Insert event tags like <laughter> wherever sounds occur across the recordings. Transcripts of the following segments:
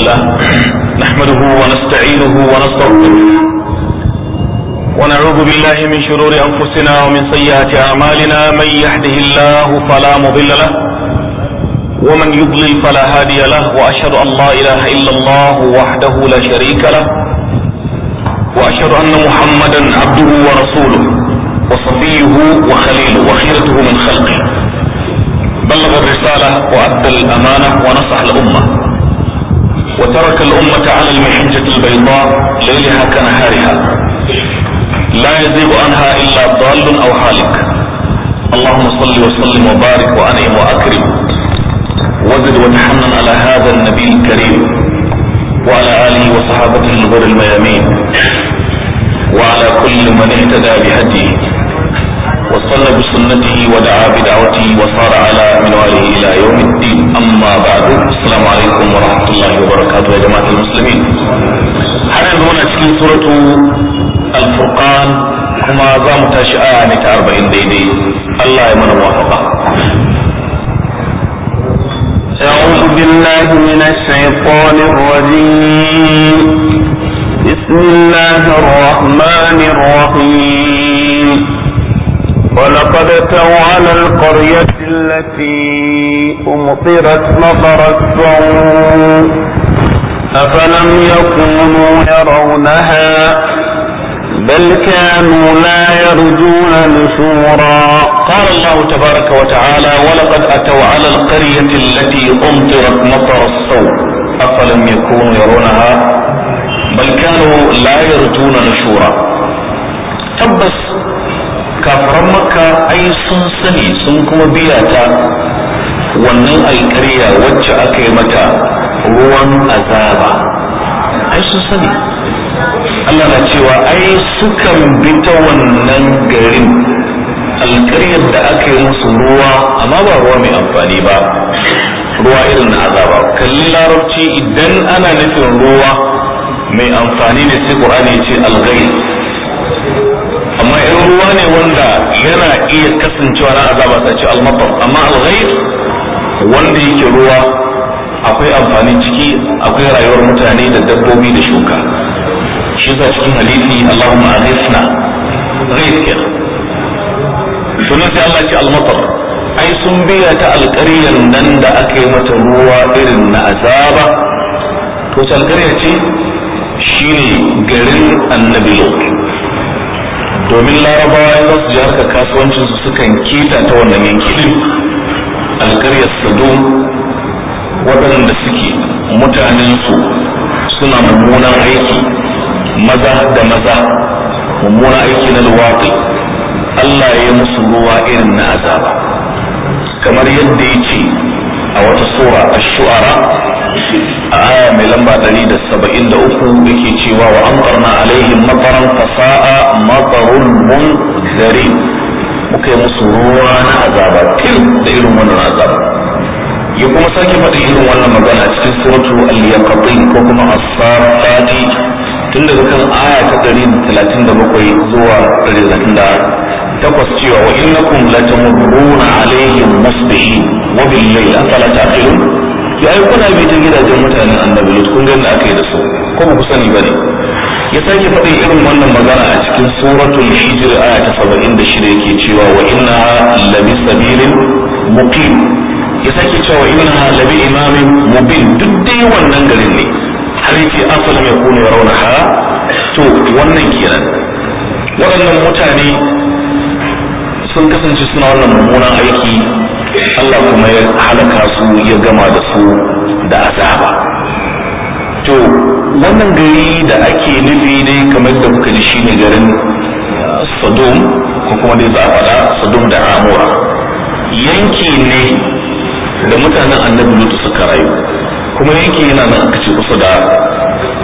الله نحمده ونستعينه ونستغفره ونعوذ بالله من شرور أنفسنا ومن سيئات أعمالنا من يهده الله فلا مضل له ومن يضلل فلا هادي له وأشهد أن لا إله إلا الله وحده لا شريك له وأشهد أن محمدا عبده ورسوله وصفيه وخليله وخيرته من خلقه بلغ الرسالة وأدى الأمانة ونصح الأمة وترك الأمة على المحجة البيضاء ليلها كنهارها لا يزيغ عنها إلا ضال أو حالك اللهم صل وسلم وبارك وأنعم وأكرم وزد وتحنن على هذا النبي الكريم وعلى آله وصحابته الغر الميامين وعلى كل من اهتدى بهديه وصلى بسنته ودعا بدعوته وصار على منواله إلى يوم الدين أما بعد السلام عليكم ورحمة الله وبركاته يا جماعة المسلمين حنا هنا في سورة الفرقان كما زام تشاء نتعربين ديني الله يمن وافقه أعوذ بالله من الشيطان الرجيم بسم الله الرحمن الرحيم ولقد اتوا على القرية التي أمطرت مطر السوء أفلم يكونوا يرونها بل كانوا لا يرجون نشورا قال الله تبارك وتعالى ولقد أتوا على القرية التي أمطرت مطر السوء أفلم يكونوا يرونها بل كانوا لا يرجون نشورا تبس kafaran makka ai sun sani sun kuma biya ta wannan alkarya wacce aka yi mata ruwan azaba ai sun sani Allah na cewa ai sukan bi ta wannan garin alkaryar da aka yi musu ruwa amma ba ruwa mai amfani ba ruwa irin na azaba kalli larabci idan ana nufin ruwa mai amfani da sai qur'ani ce alghayr amma in ruwa ne wanda yana iya kasancewa na azaba ta ce almatar amma alghais wanda yake ruwa akwai amfani ciki akwai rayuwar mutane da dabbobi da shuka shi za cikin hadisi Allahumma aghithna ghais kenan sunan sai Allah ce almatar ai sun biya ta alƙaryar nan da aka yi mata ruwa irin na azaba to alƙaryar ce shine garin annabi lot domin larabawa ya su jihar kasuwancin su sukan kita ta wannan yanki din alƙaryar waɗanda suke mutanen su suna mummunan aiki maza da maza mummunan aiki na luwaɗi Allah ya musu ruwa irin na azaba kamar yadda ya ce a wata sura a shu'ara aya mai lamba da yake cewa wa amtarna alaihim mataran fasa'a matarun munzari muka yi musu ruwa na azaba til da irin wannan azaba ya kuma sake faɗi irin wannan magana cikin suratu al yaqati ko kuma as-safat tun daga kan aya ta 137 zuwa 138 cewa wa innakum latamurruna alaihim musbihin wa bil layli afala ta'qilun ya yi kuna bita gidajen mutanen annabi lut kun gani aka yi da su ko ba ku sani ba ne ya sake faɗi irin wannan magana a cikin suratul hijr aya ta 76 yake cewa wa inna labi sabilin muqim ya sake cewa inna labi imamin mubin duk dai wannan garin ne har yake asal ya kuna rauna ha to wannan kenan waɗannan mutane sun kasance suna wannan mummunan aiki Allah kuma ya halaka su ya gama da su da azaba to wannan gari da ake nufi dai kamar da kuka ji shine garin uh, Sodom ko kuma dai za faɗa Sodom da Amora yanki ne da mutanen annabi Lutu suka rayu kuma yanki yana nan aka ce kusa da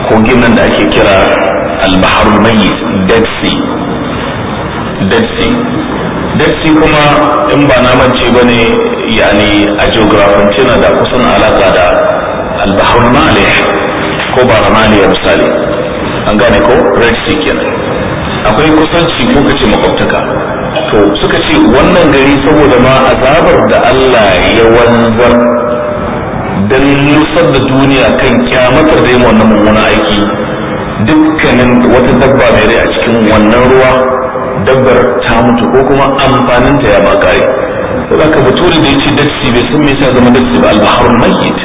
kogin nan da ake kira al-baharul mayyit Dead Sea Dead Sea datti kuma in ba na mance ba ne yani a geografance na da kusan alaka da albahar malih ko ba ya misali an gane ko red sea kenan akwai kusanci ko kace makwabtaka to suka ce wannan gari saboda ma azabar da Allah ya wanzar dan nusar da duniya kan kyamatar da yin wannan mummunan aiki dukkanin wata dabba mai rai a cikin wannan ruwa dabbar ta mutu ko kuma amfaninta ya ba kare saboda ka bature da yace dacci bai san me yasa zama dacci ba al-bahrul mayyit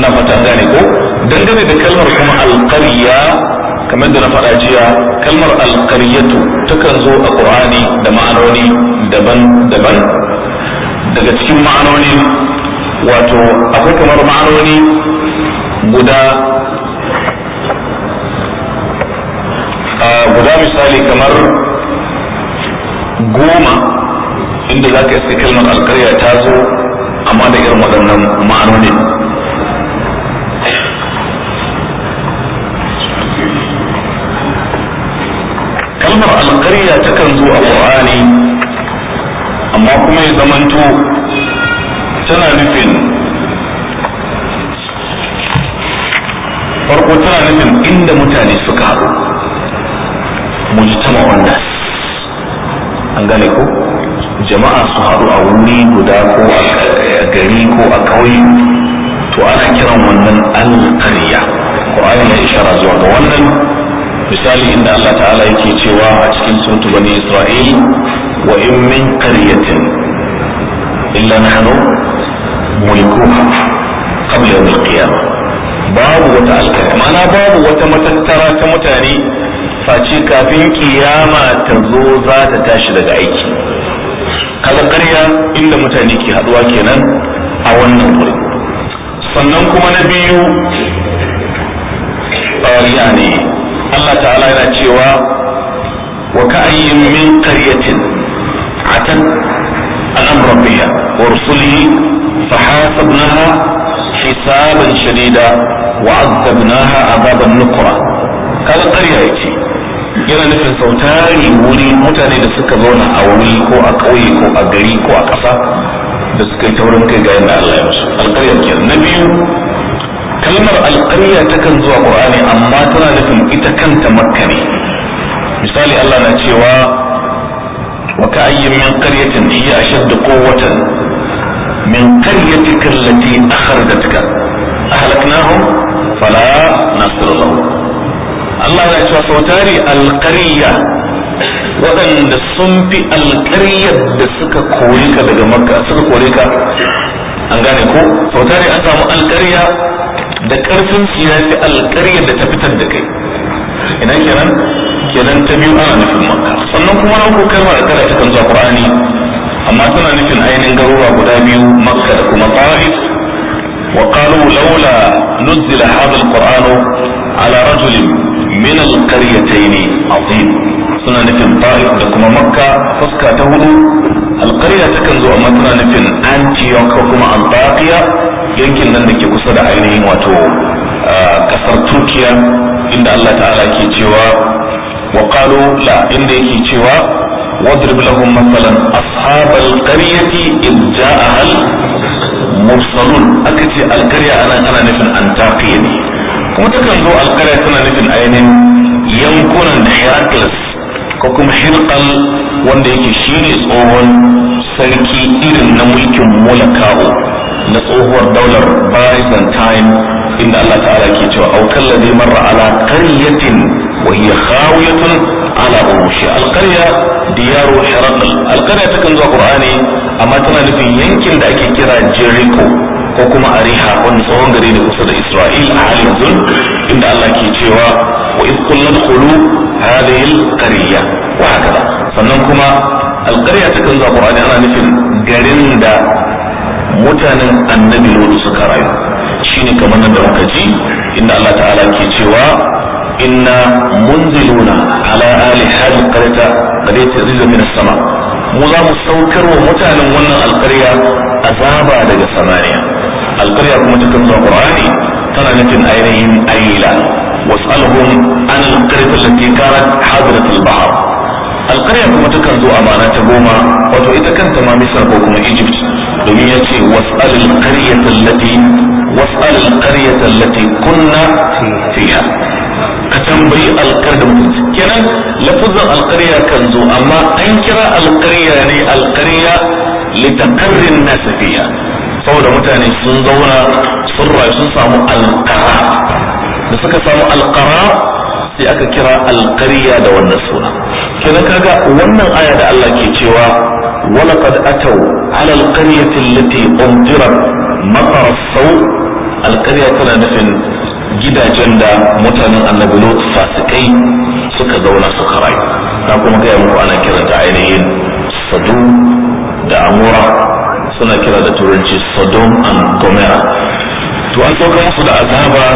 na fata gane ko dangane da kalmar kuma al-qarya kamar da na faɗa jiya kalmar al-qaryatu takan zo a Qur'ani da ma'anoni daban-daban daga cikin ma'anoni wato akwai kamar ma'anoni guda misali kamar goma inda za ka iske kalmar alkarya ta zo amma da irin waɗannan ma'anoni kalmar alkarya takan zo a ƙwa'ani amma kuma ya zamanto tana nufin farko tana nufin inda mutane suka haɗu mujtama wannan an gane ko jama'a su haɗu a wuri guda ko a gari ko a ƙauye to ana kiran wannan alƙarya ƙwa'ani ya ishara zuwa ga wannan misali inda Allah ta'ala yake cewa a cikin surutu bani isra'il wa in min qaryatin illa nahnu mulikuha qabla yawm al-qiyamah babu wata alƙarya ma'ana babu wata matattara ta mutane face kafin kiyama ta zo za ta tashi daga aiki kaga ƙarya inda mutane ke haɗuwa kenan a wannan wuri sannan kuma na biyu ƙariya ne Allah ta'ala yana cewa wa ka'ayyin min qaryatin atan an amrabiya wa rusulihi fa hasabnaha hisaban shadida wa azabnaha azaban nukra kaga ƙarya yake yana nufin sautari wuri mutane da suka zauna a wuri ko a ƙauye ko a gari ko a ƙasa da suka yi taurin kai ga yadda Allah ya musu alƙaryar ke na biyu kalmar alƙarya kan zuwa ƙur'ani amma tana nufin ita kanta makka ne misali Allah na cewa wa ka ka'ayyin min qaryatin hiya ashaddu quwwatan min qaryatika allati akhrajatka ahlaknahum fala nasr Allah ya cewa sau tari alƙarya waɗanda sun fi alƙaryar da suka kori ka daga makka suka kori ka an gane ko sau tari an samu alƙarya da ƙarfin su ya fi alƙaryar da ta fitar da kai ina kenan kenan ta biyu ana nufin makka sannan kuma na uku kalmar da kada ta kan zuwa qur'ani amma suna nufin ainihin garuruwa guda biyu makka da kuma ta'if wa qalu laula nuzila hadha alqur'anu ala rajulin min alqaryatayn azim suna nufin ta'if da kuma makka fuska ta hudu alqarya takan zo amma suna nufin antioch ko kuma antakiya yankin nan da ke kusa da ainihin wato kasar turkiya inda allah ta'ala ke cewa wa la inda yake cewa واضرب لهم مثلا أصحاب القرية إذ جاءها المرسلون أكتي القرية ana nufin نفن ne. ko takan zo alkarai tana nufin ainihin yankunan da Heracles ko kuma Hirkal wanda yake shine tsohon sarki irin na mulkin Mulakawo na tsohuwar daular Byzantine inda Allah ta'ala ke cewa aukar ladhi mara ala qaryatin wa hiya ala urushi yaro diyaru Hirkal ta takan zo Kur'ani amma tana nufin yankin da ake kira Jeriko. ko kuma ariha wani tsawon gari ne kusa da isra'il a halin zul inda allah ke cewa wa iz kulu khulu hadhihi alqarya haka ba. sannan kuma alqarya ta kan zabu ana nufin garin da mutanen annabi lutu suka rayu shine kamar nan da muka ji inda allah ta'ala ke cewa inna munziluna ala ali hadhihi alqarya qad yatazzu min sama mu za mu saukar wa mutanen wannan alƙarya azaba daga samaniya alqarya kuma cikin alqur'ani tana nufin ainihin aila was'alhum an alqarya allati kanat hadrat albahr alqarya kuma takan zo amana goma wato ita kanta ma misra ko kuma egypt domin ya ce was'al alqarya allati was'al alqarya allati kunna fiha ka tambayi alƙar da mutunci kenan lafuzin alƙarya kan zo amma an kira alƙarya ne alƙarya litakarrin safiya. saboda mutane sun zauna sun rayu sun samu alqara da suka samu alkara sai aka kira alqarya da wannan suna kina kaga wannan aya da Allah ke cewa walaqad atau ala alqaryati allati umtirat matar sau alqarya tana nufin gidajen da mutanen annabi fasikai suka zauna suka rayu na kuma gaya muku ana kiranta ainihin sadu da amura suna kira da turanci sodom and gomera to an sauka musu da azaba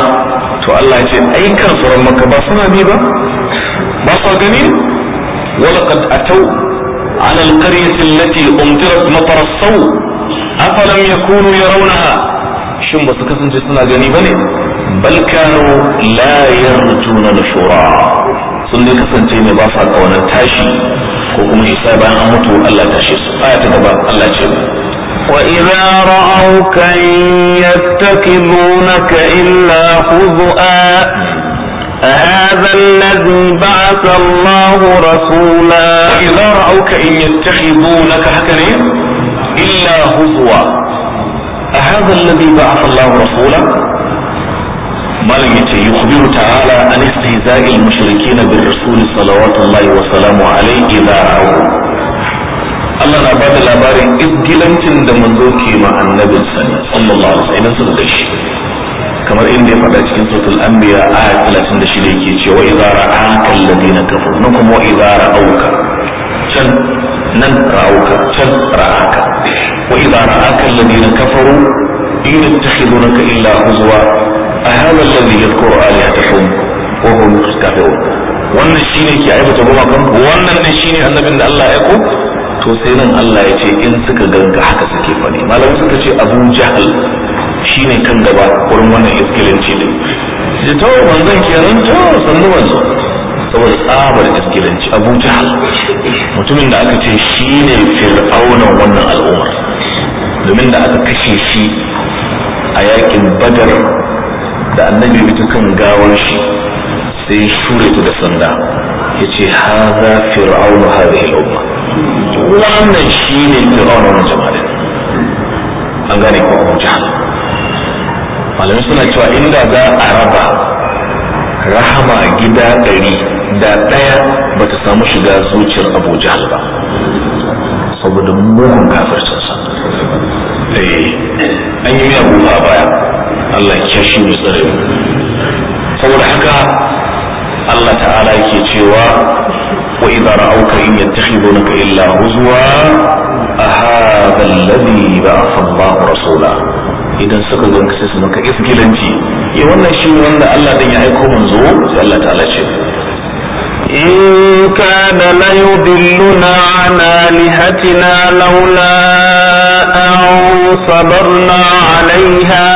to Allah ya ce ai kan tsoron maka ba suna bi ba ba su gani Wala walaqad atau ala alqaryati allati umtirat matar saw afalam yakunu yarawnaha shin ba su kasance suna gani bane bal kanu la yarjuna nushura sun dai kasance ne ba sa kaunar tashi ko kuma isa bayan an mutu Allah tashi su aya ta gaba Allah ce وإذا رأوك يتكبونك إلا خذؤا أهذا الذي بعث الله رسولا وإذا رأوك إن يتخذونك هكذا إلا هزوا أهذا الذي بعث الله رسولا بل يخبر تعالى عن استهزاء المشركين بالرسول صلوات الله وسلامه عليه إذا رأوه Allah na bada labarin izgilancin da manzo ke ma annabin sa sallallahu alaihi wasallam da shi kamar inda ya faɗa cikin suratul anbiya aya 36 da yake cewa idza ra'aka alladhina kafaru nukum wa idza ra'auka can nan ra'auka can ra'aka wa idza ra'aka alladhina kafaru in yattakhidunaka illa huzwa ahadha alladhi yadhkuru alihatahum wa hum kafirun wannan shine ke aibata gumakan wannan ne shine annabin da Allah ya aiko to sai nan Allah ya ce in suka ganga haka suke fani malamu suka ce abu jahal ne kan gaba wurin wannan iskilanci din da tawo ke kenan to sannu saboda tsabar iskilanci abu jahal mutumin da aka ce shi ne Fir'auna wannan al'ummar domin da aka kashe shi a yakin badar da annabi ita kan gawar shi sai shure ta da sanda yace haza fir'aunu hadhihi al'umma wannan shi ne fir'aun wannan jama'a an gane kuma abu jahal malamai suna cewa inda za a raba rahama gida ɗari da ɗaya ba ta samu shiga zuciyar abu jihar ba saboda mugun kafircinsa eh, an yi miya guba a baya Allah ya shi mu tsare mu saboda haka Allah ta'ala yake cewa وإذا رأوك إن يتخذونك إلا هزوا أهذا الذي بعث الله رسولا idan suka zo ka sai su maka iskilanci eh wannan shi wanda Allah dan ya aiko manzo sai Allah ta'ala ce إن كان ليضلنا عن آلهتنا لولا أن صبرنا عليها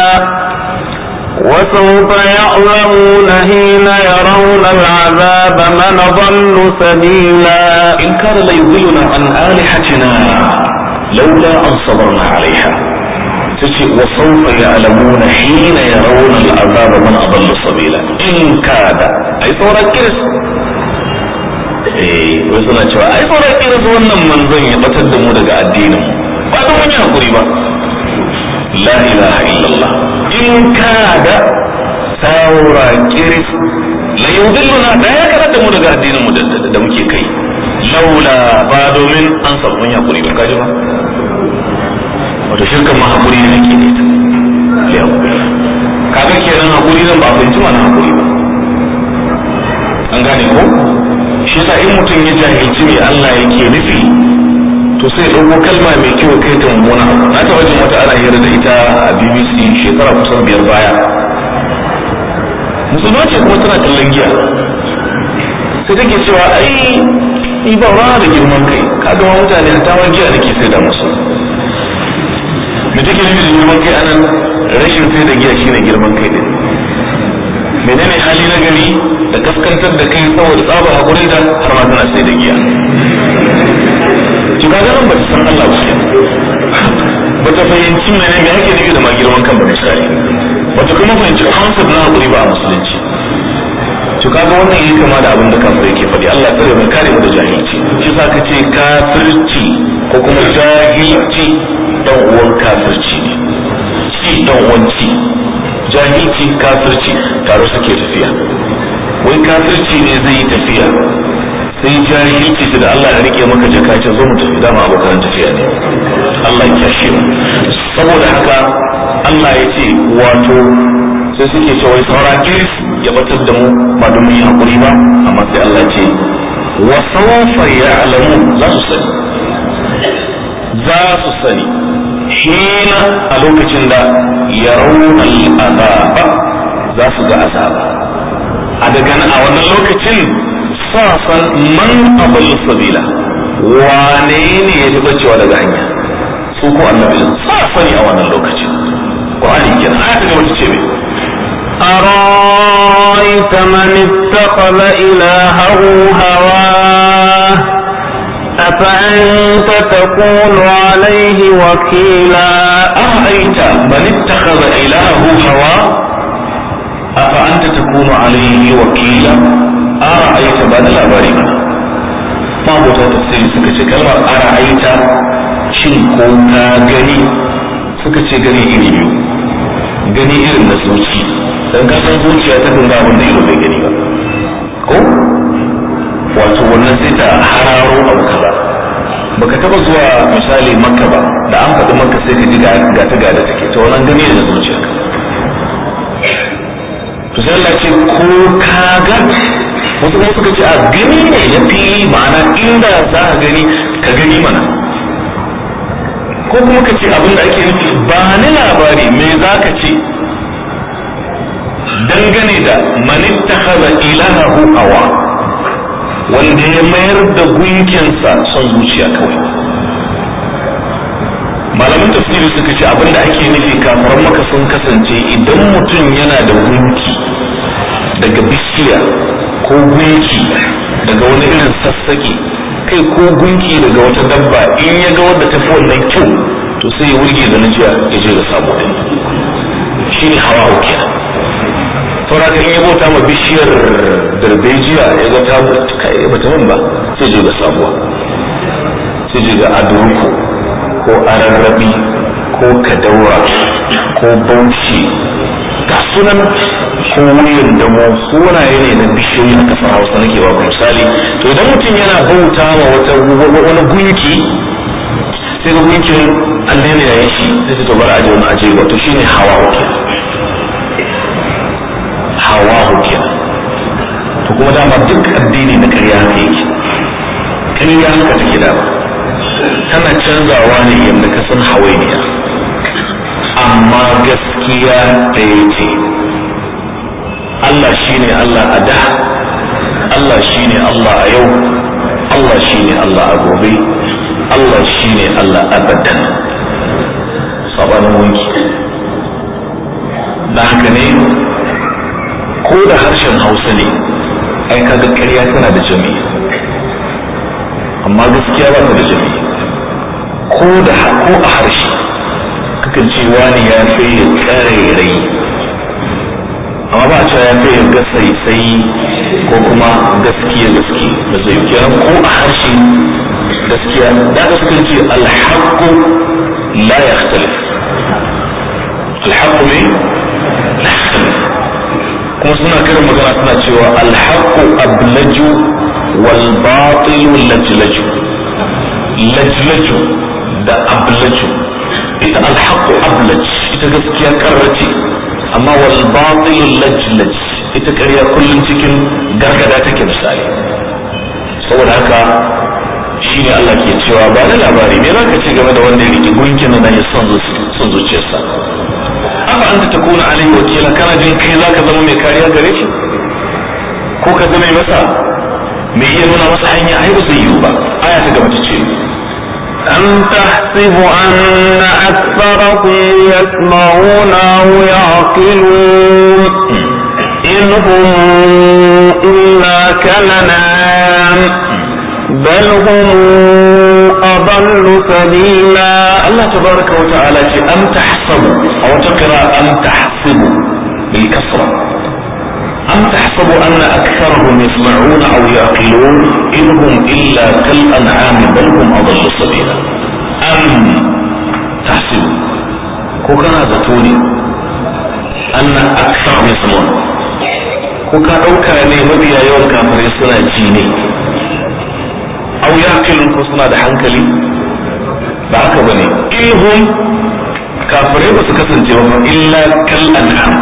وسوف يعلمون حين يرون العذاب من ضل سبيلا إن كان يضلنا عن آلهتنا لولا أن صبرنا عليها وسوف يعلمون حين يرون العذاب من أضل سبيلا إن كاد أي صورة كيس أي wai suna أي صورة كيس irin wannan manzon ya batar da mu daga la ilaha illallah in kana da saura kiris la yudilluna da ya karanta mu daga addinin mu da muke kai laula ba domin an samu ya kuri ba kaji ba wato shirkan ma ne ke ne ta yau kenan hakuri nan ba fahimci mana hakuri ba an gane ko in mutum ya jahilci Allah yake nufi to sai ɗauko kalma mai kyau kai ta mummuna na taɓa jin wata ana hira da ita a bbc shekara kusan biyar baya musulmanci kuma tana kallon giya sai take cewa ai ibawa da girman kai ka gama mutane a tawon giya da ke sai da musu da take nufin girman kai anan rashin sai da giya shine girman kai din menene hali na gari da kaskantar da kai saboda tsaba hakuri da har ma tana sai da giya to kaga nan ba ta san Allah ba ba ta fahimci mene ne yake nufi da ma girman kan ba misali ba ta kuma fahimci concept na hakuri ba a musulunci to kaga wannan yake kama da abin da kafir yake faɗi Allah kare mai kare mu da jahilci shi sa ka ce kafirci ko kuma jahilci dan uwan kafirci ne ci dan uwan ci jahilci kafirci tare suke tafiya wai kafirci ne zai yi tafiya sai jahilci da Allah ya rike maka jaka ce zo mu tafi dama abokan tafiya ne Allah ya kashe mu saboda haka Allah ya ce wato sai suke cewa saura kiris ya batar da mu ba don mun yi hakuri ba amma sai Allah ya ce wa sawfa ya'lamu za su sani za su sani hina a lokacin da ya raunar azaba za su ga azaba a daga a wannan lokacin sa-san sasan man abul sabila wane ne ya taɓa cewa daga hanya su ko annabi sasani a wannan lokacin Ko qur'ani kenan aya ta gaba ce me أرأيت من ila hagu hawa. أفأنت تقول عليه وكيلا أرأيت من اتخذ إله هواه أفأنت تكون عليه وكيلا أرأيت بعد الأبارين ما هو تفسير سكتك أرأيت شن كنت غني سكتة غني إلي غني إلي نسوتي dan ka san zuciya ta dinga abin ko wato wannan sai ta hararo abu kaza baka taba zuwa misali makka ba da an faɗi makka sai ka ji ga ta ga da take ta wannan gani da zuciya to sai Allah ce ko ka ga wasu kuma suka ce a gani ne ya fi ma'ana inda za ka gani ka gani mana ko kuma ka ce abin da ake nufi ba ni labari me za ka ce dangane da ilaha hu awa wanda ya mayar da gunkinsa son zuciya kawai malamin tafsiri suka ce abinda ake nufi kafaran maka sun kasance idan mutum yana da gunki daga bishiya ko gunki daga wani irin sassaƙi kai ko gunki daga wata dabba in ya ga wadda tafi wannan kyau to sai ya wurge da jiya ya je da sabo ɗin, shi ne hawa kenan saura in ya bauta ma bishiyar darbejiya ya ga ta kai bata min ba sai je ga sabuwa sai je ga aduruku ko ararrabi ko kadawa ko bauchi ga sunan ko wuyan da mu sunaye ne na bishiyoyi a kasar hausa nake ba misali to idan mutum yana bauta ma wata wani gunki sai ga gunkin allah ne ya yi shi sai ta ajiyar aje ajiyar aje wato shine hawa wakil hawahu kenan to kuma dama duk addini na ƙarya haka yake ƙarya haka take dama tana canzawa ne yadda ka san hawainiya amma gaskiya ɗaya ce Allah shine Allah a da Allah shine Allah a yau Allah shine Allah a gobe Allah shine Allah abadan sabanin wanki da haka ne ko da harshen hausa ne ai kaga ƙarya tana da jami'i amma gaskiya ba ta da jami'i ko da ko a harshe kakan ce wani ya sai ya ra'i amma ba a cewa ya sai ya ga sai ko kuma gaskiya gaske ba zai kira ko a harshe gaskiya da ka suka ce alhaqqu la yakhtalif alhaqqu ne la yakhtalif kuma suna karin magana suna cewa alhaku ablaju wal batilu lajlaju lajlaju da ablaju ita alhaku ablaj ita gaskiya karrace amma wal batilu lajlaj ita karya kullum cikin gargada take misali saboda haka shi ne Allah ke cewa ba da labari me za ka ce game da wanda ya riƙe gunkin nan ya son zuciyarsa afa anta takuna alayhi wakila kana jin kai zaka zama mai kariya gare shi ko ka zama mai masa mai iya nuna masa hanya ai ba zai yiwu ba aya ta gaba ce أم تحسب أن أكثركم يسمعون أو يعقلون إن هم إلا كالأنعام بل هم أضل سبيلا الله تبارك وتعالى في أم تحسبوا أو تقرأ أم تحسبوا بالكسرة أم تحسب أن أكثرهم يسمعون أو يعقلون إن هم إلا كالأنعام بل هم أضل سبيلا أم تحسبوا كوكنا زتوني أن أكثرهم يسمعون كوكا أوكا لي مبيا يوم كافر يسمع جيني au yaqilun ko suna da hankali ba haka bane ihun kafirai ba su kasance ba illa kal anham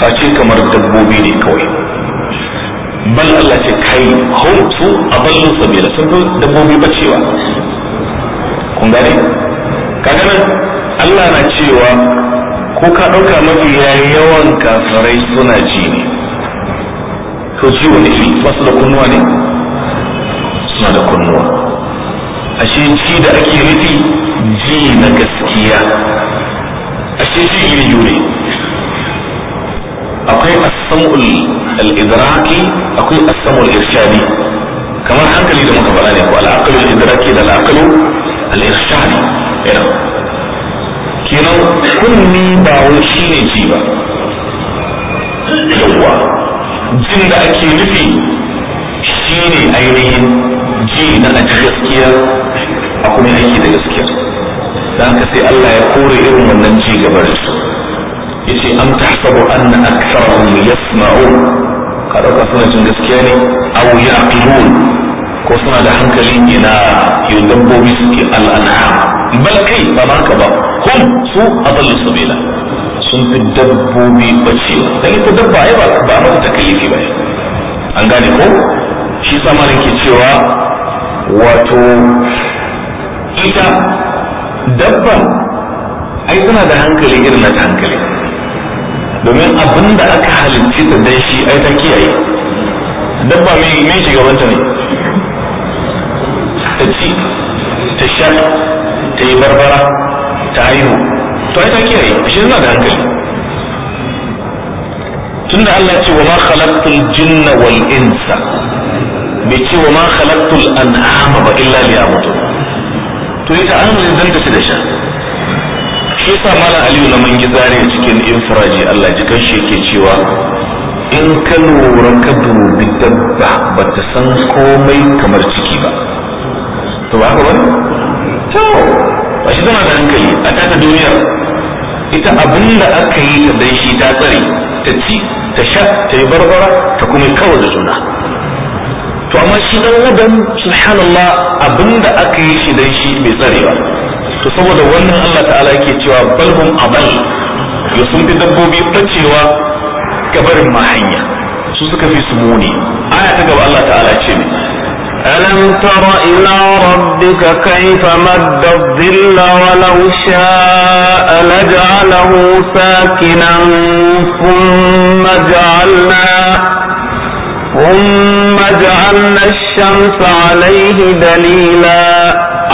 face kamar dabbobi ne kawai bal Allah ce kai hum su aballu sabila sun dabbobi cewa kun gane kaga nan Allah na cewa ko ka ɗauka mafi yawan kafirai suna ji ne to ji wani ba su da kunnuwa ne suna da kunnuwa ashe ci da ake nufi ji na gaskiya ashe ji iri ne akwai asamul al-idraki akwai asamul irshadi kamar hankali da muka faɗa ne ko al-aqlu al-idraki da al-aqlu al-irshadi kenan kunni ba wai shine ji ba yawwa jin da ake nufi shine ainihin ji na na ci gaskiya a kuma aiki da gaskiya dan haka sai Allah ya kore irin wannan ci gabar su yace an na anna aktharahum yasma'un ka ɗauka suna cin gaskiya ne aw yaqilun ko suna da hankali ina yi dabbobi suke al'anham bal kai ba ba haka ba kun su a su bela sun fi dabbobi bacewa da ita dabba ya ba ba ta kalifi ba an gane ko shi sa malam ke cewa wato ita dabba ai suna da hankali irin na hankali domin abin da aka halicci da dai shi ai ta kiyaye dabba mai shigabanta ne ta ci ta sha ta yi barbara ta haihu to ai ta kiyaye shi suna da hankali tunda Allah ce wa ma khalaqtul jinna wal insa bai ce wa ma khalaqtul an'ama ba illa liya'budu to an ta'amuli dan ta da sha shi yasa malam aliyu na mangi zare cikin infiraji Allah jikan shi yake cewa in ka lura ka dubi dabba ba ta san komai kamar ciki ba to ba ka ba to ba shi tana da hankali a taka duniya ita abin da aka yi ta dan shi ta tsare ta ci ta sha ta yi barbara ta kuma kawai da juna to amma shi dan adam subhanallah abinda aka yi shi dan shi bai tsare ba to saboda wannan Allah ta'ala yake cewa balhum abal ya sun fi dabbobi bacewa gabarin mahanya su suka fi su muni aya ta gaba Allah ta'ala ce ne alam ألم تر إلى ربك كيف مد الظل ولو شاء لجعله sakinan ثم جعلنا ثم جعلنا الشمس عليه دليلا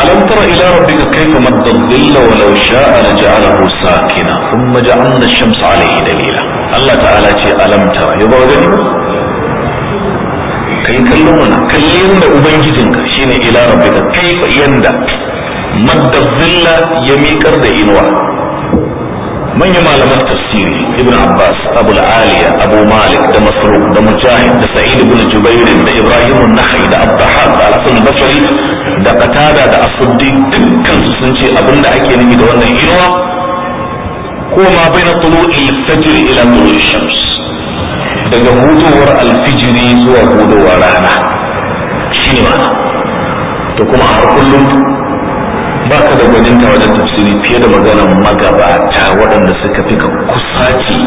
ألم تر إلى ربك كيف مد الظل ولو شاء لجعله ساكنا ثم جعلنا الشمس عليه دليلا الله تعالى ce ألم تر يبغى gani kai kallon mana kalle da ubangijinka shine ila rabbika kaifa yanda madda zilla ya miƙar da inuwa manyan malaman tafsiri ibn abbas abu aliya abu malik da masruq da mujahid da sa'id ibn jubair da ibrahim an-nakhai da abdahab da al-hasan basri da qatada da asuddi dukkan su sun ce abinda ake nufi da wannan inuwa ko ma baina tulu'i al-fajr ila tulu'i shams daga hudowar al-fijri zuwa hudowar rana shine ma to kuma har kullum ba ka da ta wajen tafsiri fiye da maganar magabata waɗanda suka fi ka kusaci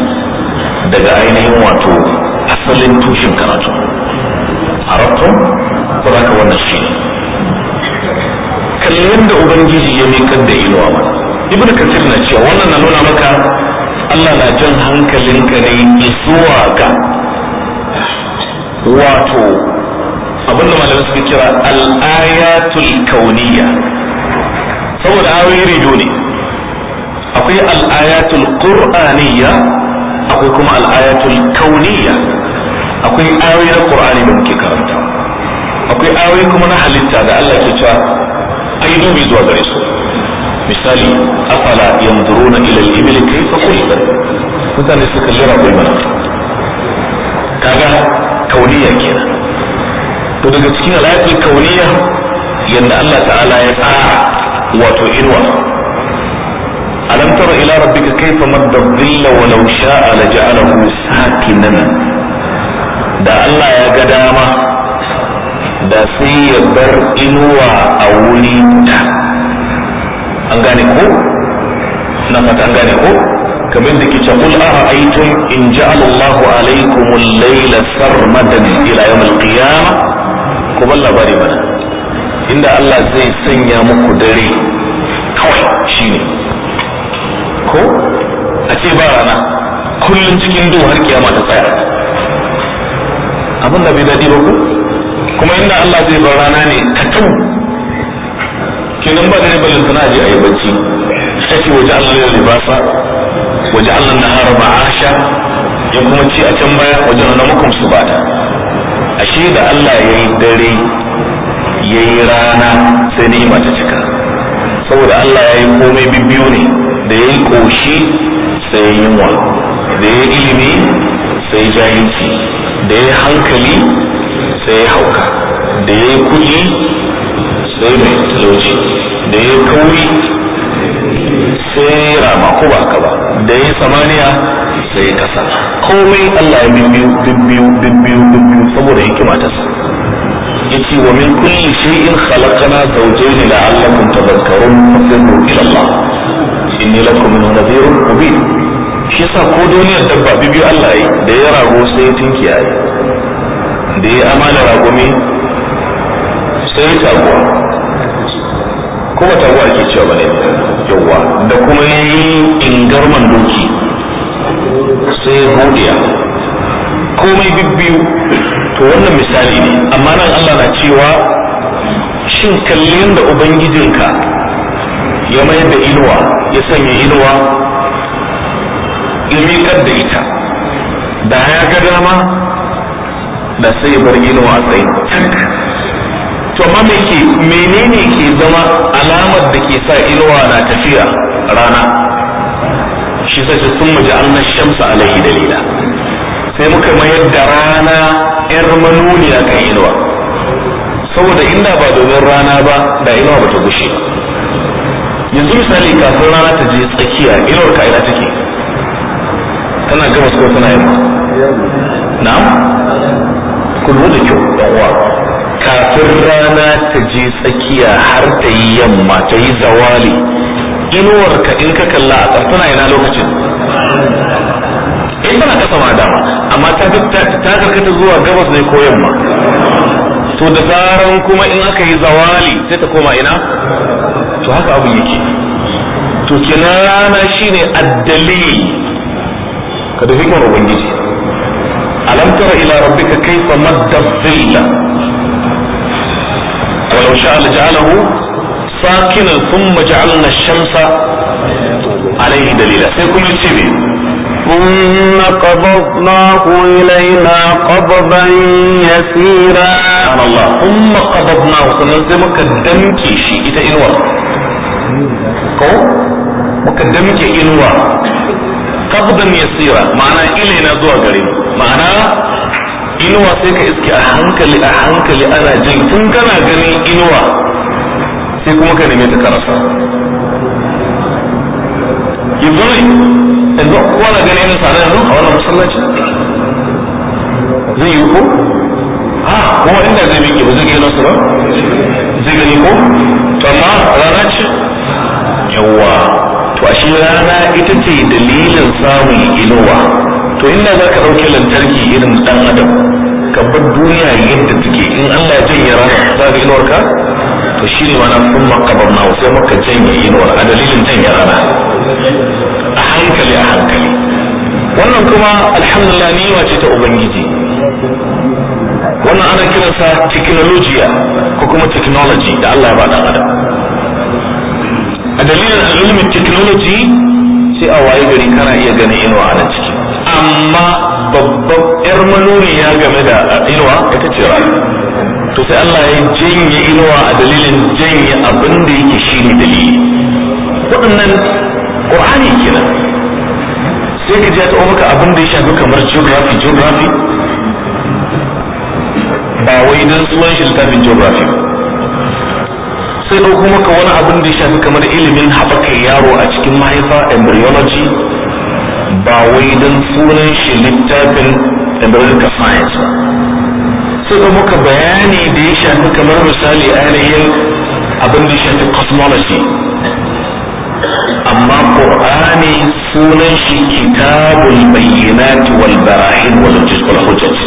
daga ainihin wato asalin tushen karatu a rafton ba za ka wannan shi kalli yadda ubangiji ya miƙar da inuwa mana ibn kasir na cewa wannan na nuna maka allah na jan ka ne zuwa ga wato abinda malamai suka kira al'ayatul kauniya saboda yi rido ne akwai al'ayatul qur'aniyya akwai kuma al'ayatul kauniyya akwai ayoyi na qur'ani da muke karanta akwai ayoyi kuma na halitta da Allah ke cewa ai dubi zuwa gare su misali afala yanzuruna ila al-ibli kayfa khuliqat mutane suka lura bai mana kaga kauniyya kenan to daga cikin al'ayatul kauniyya yanda Allah ta'ala ya tsara wato inuwa alam tara ila rabbika kayfa madda dhilla wa law sha'a la ja'alahu sakinan da Allah ya ga dama da sai ya bar inuwa a wuri guda an gane ko na fata an gane ko kamar da ke ce qul ara'aytum in ja'ala Allahu alaykum al-layla sarmadan ila yawm al-qiyamah ku labari mana inda Allah zai sanya muku dare kawai shine ko a ce ba rana kullum cikin duhu har kiyama ta tsaya abin da bai daɗi ba ku kuma inda Allah zai bar rana ne ta tau kenan ba da ne balin sana je a yi bacci sai waje Allah ya sa waje Allah na ba asha ya kuma ce a can baya waje na makon su bata ashe da Allah ya yi dare yayi rana sai ni mata cika saboda Allah ya yi komai bibbiyu ne da ya yi koshi sai wa da ya yi ilimi sai jahilci da ya yi hankali sai ya hauka da ya yi kuɗi sai mai tsoci da ya yi kauri sai rama ko ba ka ba da ya yi samaniya sai kasa komai Allah ya bibbiyu bibbiyu bibbiyu bibbiyu saboda hikima ta sa yace wa min kulli shay'in khalaqna zawjayn la'allakum tadhakkarun fasiru ila Allah inni lakum min nadhirun mubin shi yasa ko duniyar dabba bibi Allah yi da ya rago sai tinki yayi da ya amana ragumi sai taguwa kuma taguwa ake cewa bane yawa da kuma yayi ingarman doki sai hudiya komai bibbiyu to wannan misali ne amma nan Allah na cewa shin kalli da ubangijinka ya mayar da inuwa ya sanya inuwa ya kan da ita da ya ga dama da sai bar inuwa sai. to amma me ke menene ke zama alamar da ke sa inuwa na tafiya rana shi sai sun muji ja'alna shamsa alaihi dalila sai muka mayar da rana yar manuniya kan inuwa saboda inda ba domin rana ba da inuwa ba ta gushe yanzu misali kafin rana ta je tsakiya inuwar ka ina take tana gabas ko tana yamma na'am ku da kyau da uwa kafin rana ta je tsakiya har ta yi yamma ta yi zawali inuwar ka in ka kalla a tsartana ina lokacin kai tana kasa ma dama amma ta karkata zuwa gabas ne ko yamma to da zaran kuma in aka yi zawali sai ta koma ina to haka abu yake to kenan rana shine addali ka da hikmar ubangiji alam tara ila rabbika kayfa madda dhilla walau sha'a laj'alahu sakinan thumma ja'alna ash-shamsa alayhi dalila sai kuma ce ثم قبضناه إلينا قبضا يسيرا سبحان الله ثم قبضناه سننزل مكدم كيشي إذا إنوى كو مكدم كي إنوى قبضا يسيرا معنى إلينا زوى قريب معنى inuwa sai إسكي أحنك a hankali a hankali ana jin tun kana ganin inuwa sai yanzu kowa na ganin irin tare yanzu a wannan masallaci zai yi ko ha kowa inda zai miƙe ba zai gani su ba zai gani ko to amma rana ce yawa to ashe rana ita ce dalilin samun inuwa to inda za ka ɗauke lantarki irin ɗan adam ka bar duniya yadda take in Allah ya janye rana za ka inuwarka to shi ne mana kun makabar na sai maka janye inuwar a dalilin janye rana a hankali a hankali wannan kuma alhamdulillah ni ce ta ubangiji wannan ana kiransa teknolojiya ko kuma technology da Allah ya ba adam a dalilin ilimin technology sai a waye gari kana iya ganin inuwa a ciki amma babban yar manuniya game da inuwa ita ce to sai Allah ya janye inuwa a dalilin janye abin da yake shi ne dalili waɗannan qur'ani kenan sai ka ji taɓa maka abin da ya shafi kamar geography geography ba wai don suwan shi littafin geography sai kuma ka wani abin da ya shafi kamar ilimin haɓaka yaro a cikin mahaifa embryology ba wai don sunan shi littafin embryological science ba sai ɗauko muka bayani da ya shafi kamar misali ainihin abin da ya shafi cosmology amma qur'ani sunan shi kitabul bayyinat wal barahin wal hujjat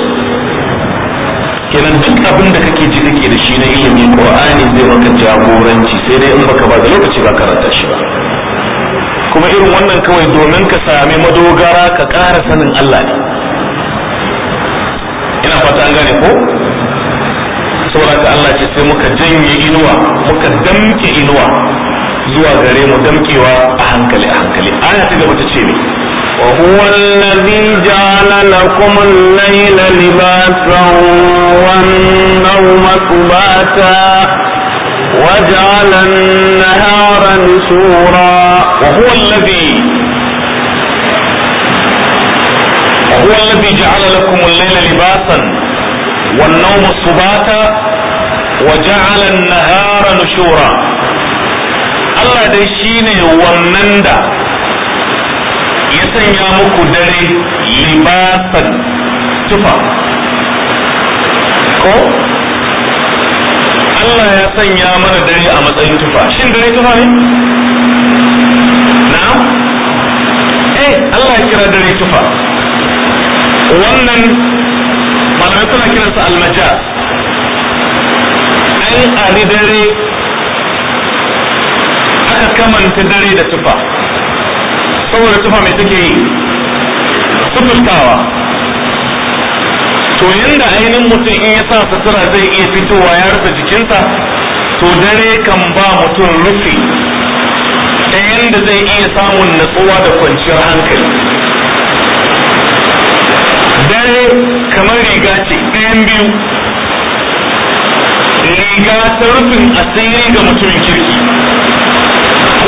kenan duk abin da kake ji kake da shi na ilimi qur'ani zai maka jagoranci sai dai in baka ba da lokaci ba karanta shi ba kuma irin wannan kawai domin ka sami madogara ka ƙara sanin Allah ne ina fata an gane ko saboda ka Allah ce sai muka janye inuwa muka damke inuwa zuwa gare mu damkewa a hankali a hankali aya ta gaba ta ce ne وهو الذي جعل لكم الليل لباسا والنوم سباتا وجعل النهار نشورا وهو الذي وهو الذي جعل لكم الليل لباسا والنوم سباتا وجعل النهار نشورا Allah dai ne wannan da ya sanya muku dare libasan tufa ko Allah ya sanya mana dare a matsayin tufa shin dare tufa ne Na. eh Allah ya kira dare tufa wannan malamai suna kiransa Ai a ni dare aka kamanta dare da tufa saboda tufa mai take yi sufustawa to yanda ainihin mutum in ya sa sutura zai iya fitowa ya rufe jikinsa to dare kan ba mutum rufe ta yanda zai iya samun natsuwa da kwanciyar hankali dare kamar riga ce ɗayan biyu riga ta rufin asiri ga mutum kirki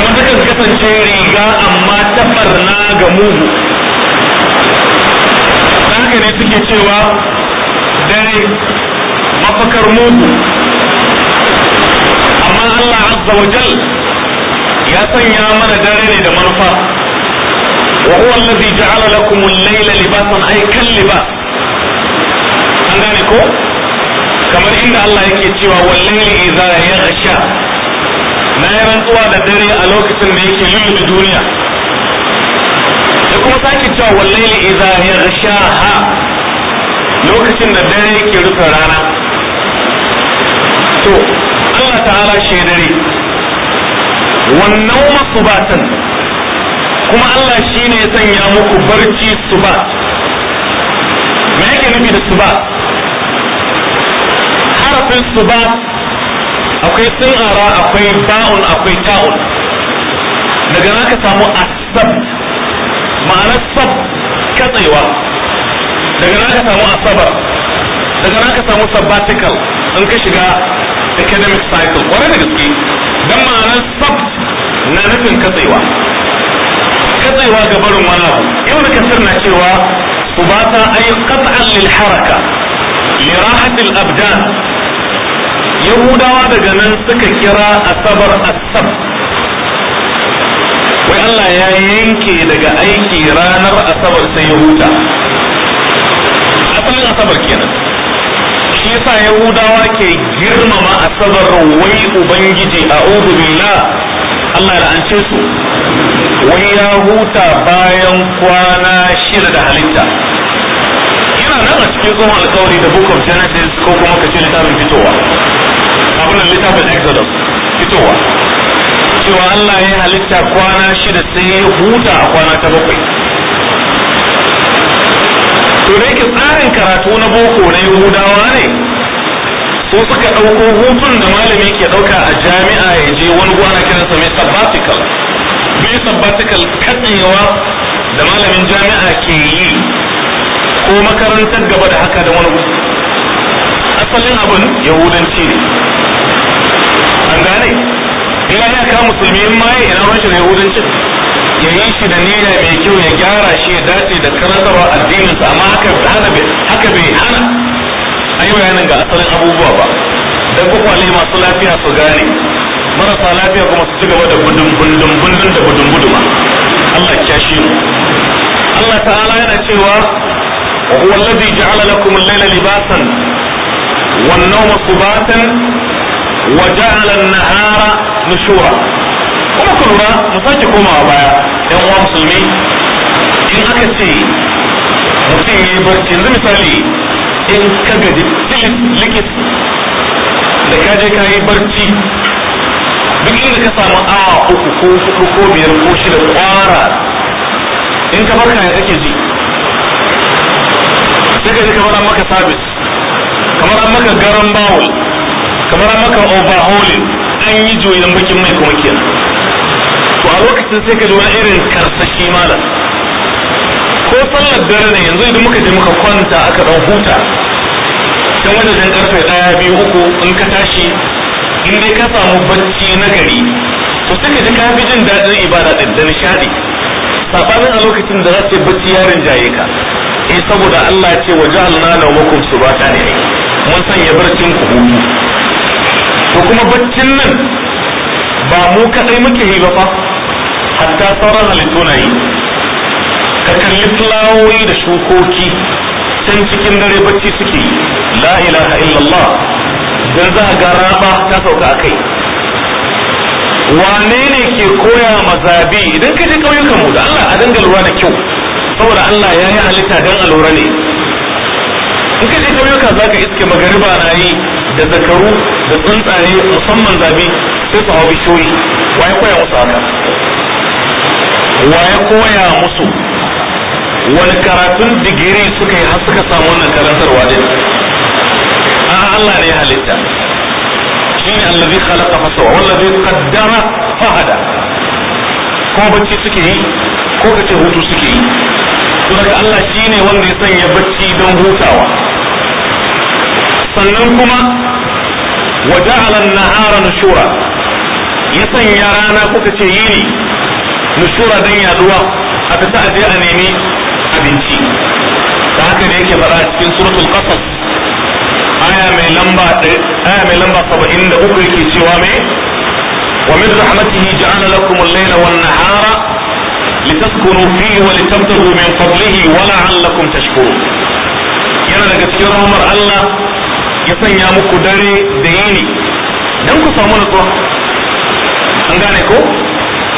domin takan kasance riga amma ta farna ga mugu haka ne suke cewa dare mafakar mugu amma Allah azza wa jal ya sanya mana dare ne da manufa wa huwa allazi ja'ala lakum al-layla libasan ay kalliba an gane ko kamar inda Allah yake cewa wal layli idza yaghsha na yi rantsuwa da dare a lokacin da yake lulluɓe duniya da kuma sake cewa wallahi idza ha lokacin da dare yake rufe rana to Allah ta'ala shi dare wannan masubatan kuma Allah shine ya sanya muku barci suba me yake nufi da suba harafin suba akwai sigara akwai ba'un akwai ta'un daga nan ka samu asab ma'anar sab katsewa daga nan ka samu asabar daga nan ka samu sabbatical in ka shiga academic cycle kwarai da gaske don ma'anar sab na nufin katsewa katsewa ga barin wani abu ibn kasir na cewa subata ay qat'an lil haraka li rahatil abdan yahudawa daga nan suka kira asabar asab wai Allah ya yanke daga aiki ranar asabar sai ya huta asalin asabar kenan shi yasa yahudawa ke girmama asabar wai ubangiji a billah Allah da an ce su wai ya huta bayan kwana shida da halitta Ina nan a cikin tsohon alkawari da book genesis ko kuma kace littafin fitowa abin littafin exodus fitowa cewa Allah ya halitta kwana shida sai ya huta a kwana ta bakwai to da yake tsarin karatu na boko na yahudawa ne su suka ɗauko hutun da malami ke ɗauka a jami'a ya je wani gwana kiransa mai sabbatical mai sabbatical katsewa da malamin jami'a ke yi ko makarantar gaba da haka da wani asalin abin yahudanci ne an gane ya ka musulmi ma ya ina rashin yahudancin ya yi shi da niyya mai kyau ya gyara shi ya dace da karantarwa addininsa amma haka hana haka bai hana a yi bayanin ga asalin abubuwa ba dan kwakwale masu lafiya su gane marasa lafiya kuma su ci gaba da gudun gudun gudun da gudun guduma Allah ya shi Allah ta'ala yana cewa wa huwa alladhi ja'ala lakum al-layla libasan والنوم سباتا وجعل النهار نشورا kuma ku lura mu sake komawa baya yan uwa musulmi in aka ce mutum yi barci yanzu misali in ka gaji likit da ka ka yi barci duk inda ka samu awa uku ko hudu ko biyar ko kwara in ka ji ka je maka sabis kamar an maka garan bawul kamar an maka overhauling an yi joyin bakin mai kuma kenan to a lokacin sai ka ji wani irin karsashi malam ko sallar dare ne yanzu idan muka je muka kwanta aka dan huta wanda wajen karfe daya biyu uku in ka tashi in dai ka samu bacci na gari to sai ka ji ka fi jin daɗin ibada din da nishadi. sabanin a lokacin da za ta bacci yarin jaye ka eh saboda Allah ya ce wajalna ja'alna lawmakum subata mun sanya barcin ku hudu. to kuma baccin nan ba mu kadai muke yi ba fa hatta sauran halittu na yi ka kalli fulawoyi da shukoki can cikin dare bacci suke yi la ilaha illallah dan za ga raba ta sauka a kai wane ne ke koya mazabi idan ka je ƙauyukan mu da Allah a dinga lura da kyau saboda Allah ya yi halitta dan alura ne in ka je ƙauyuka za ka iske magariba na yi da zakaru da tsuntsaye musamman zabi sai su hau bishiyoyi waye koya musu haka waye koya musu wani karatun digiri suka yi har suka samu wannan karantarwa din a Allah ne halitta shi ne allazi khalaqa fasawa wallazi qaddara fahada ko bacci suke yi ko kace hutu suke yi to daga Allah shine wanda ya sanya bacci don hutawa sannan kuma wa ja'ala an-nahara nushura ya sanya rana kuka ce yini nushura dan yaduwa a ta aje a nemi abinci da haka ne yake fara cikin suratul qasas aya mai lamba aya mai lamba 73 yake cewa me wa min rahmatihi ja'ala lakum al-layla wan-nahara litaskunu fihi wa litabtaghu min fadlihi wa la'allakum tashkurun yana daga cikin rahmar Allah ya sanya muku dare da yini dan ku samu nutsuwa an gane ko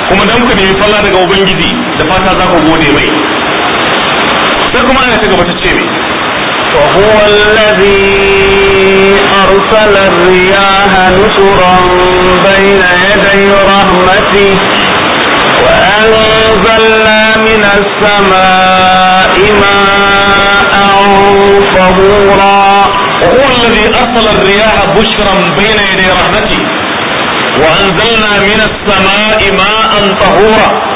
kuma don ku nemi falla daga ubangiji da fata za ku gode mai sai kuma ana ta gaba ta ce mai وهو الذي أرسل الرياح نشرا بين يدي رحمته وأنزلنا من السماء ماء أرسل الرياح بشرا بين يدي رحمتي وأنزلنا من السماء ماء طهورا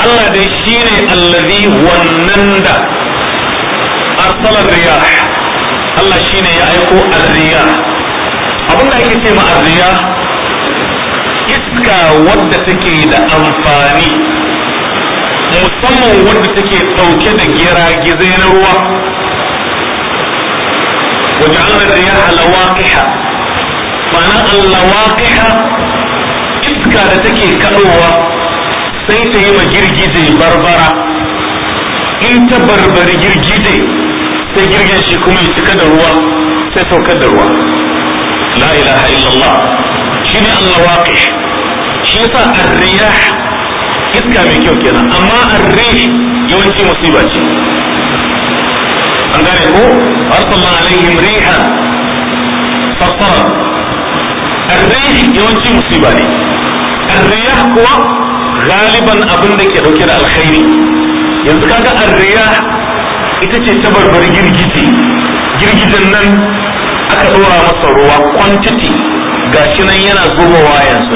Allah dai shi ne allazi wannan da arsalar riya Allah shi ne ya aiko arriya abin da ake ce ma arriya iska wadda take da amfani musamman wanda take dauke da gira gizo na ruwa وجعلنا الرياح لواقحة معنى اللواقحة تبكى لتكي كأوة سيته مجرجيزي بربرة انت بربر جرجيزي تجرجيشي كمي تكدروا ستوكدروا لا إله إلا الله شنع اللواقح شنع الرياح iska mai kyau kenan amma an rishi an gane ko arsalna alaihim rihan sarsara arrihi yawanci musiba ne arriyah kuwa galiban abin da ke dauke da alkhairi yanzu kaga arriyah ita ce tabarbar girgije girgijen nan aka dora masa ruwa quantity gashi nan yana zubowa yanzu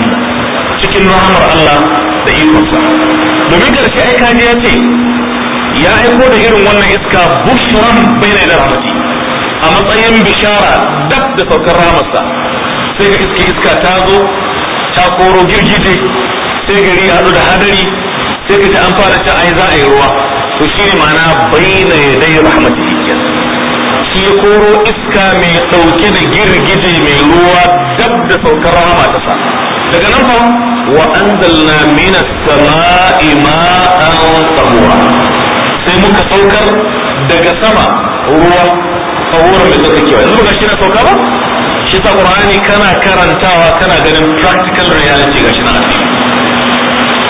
cikin rahmar Allah da ikonsa domin karshe ai kaje ya ce ya aiko da irin wannan iska bushran bayna da rahmati a matsayin bishara dab da saukar ramarsa sai ga iska iska ta zo ta koro girgije sai gari ya haɗu da hadari sai ka ta an fara ta ai za a yi ruwa to shi ne ma'ana bayna yadai rahmati shi ya koro iska mai ɗauke da girgije mai ruwa dab da saukar rahama ta sa daga nan fa wa anzalna minas sama'i ma'an tahura sai muka saukar daga sama ruwa a wurin suka kewa yanzu ga shi na sauka ba shi ta qur'ani kana karantawa kana ganin practical reality ga shi na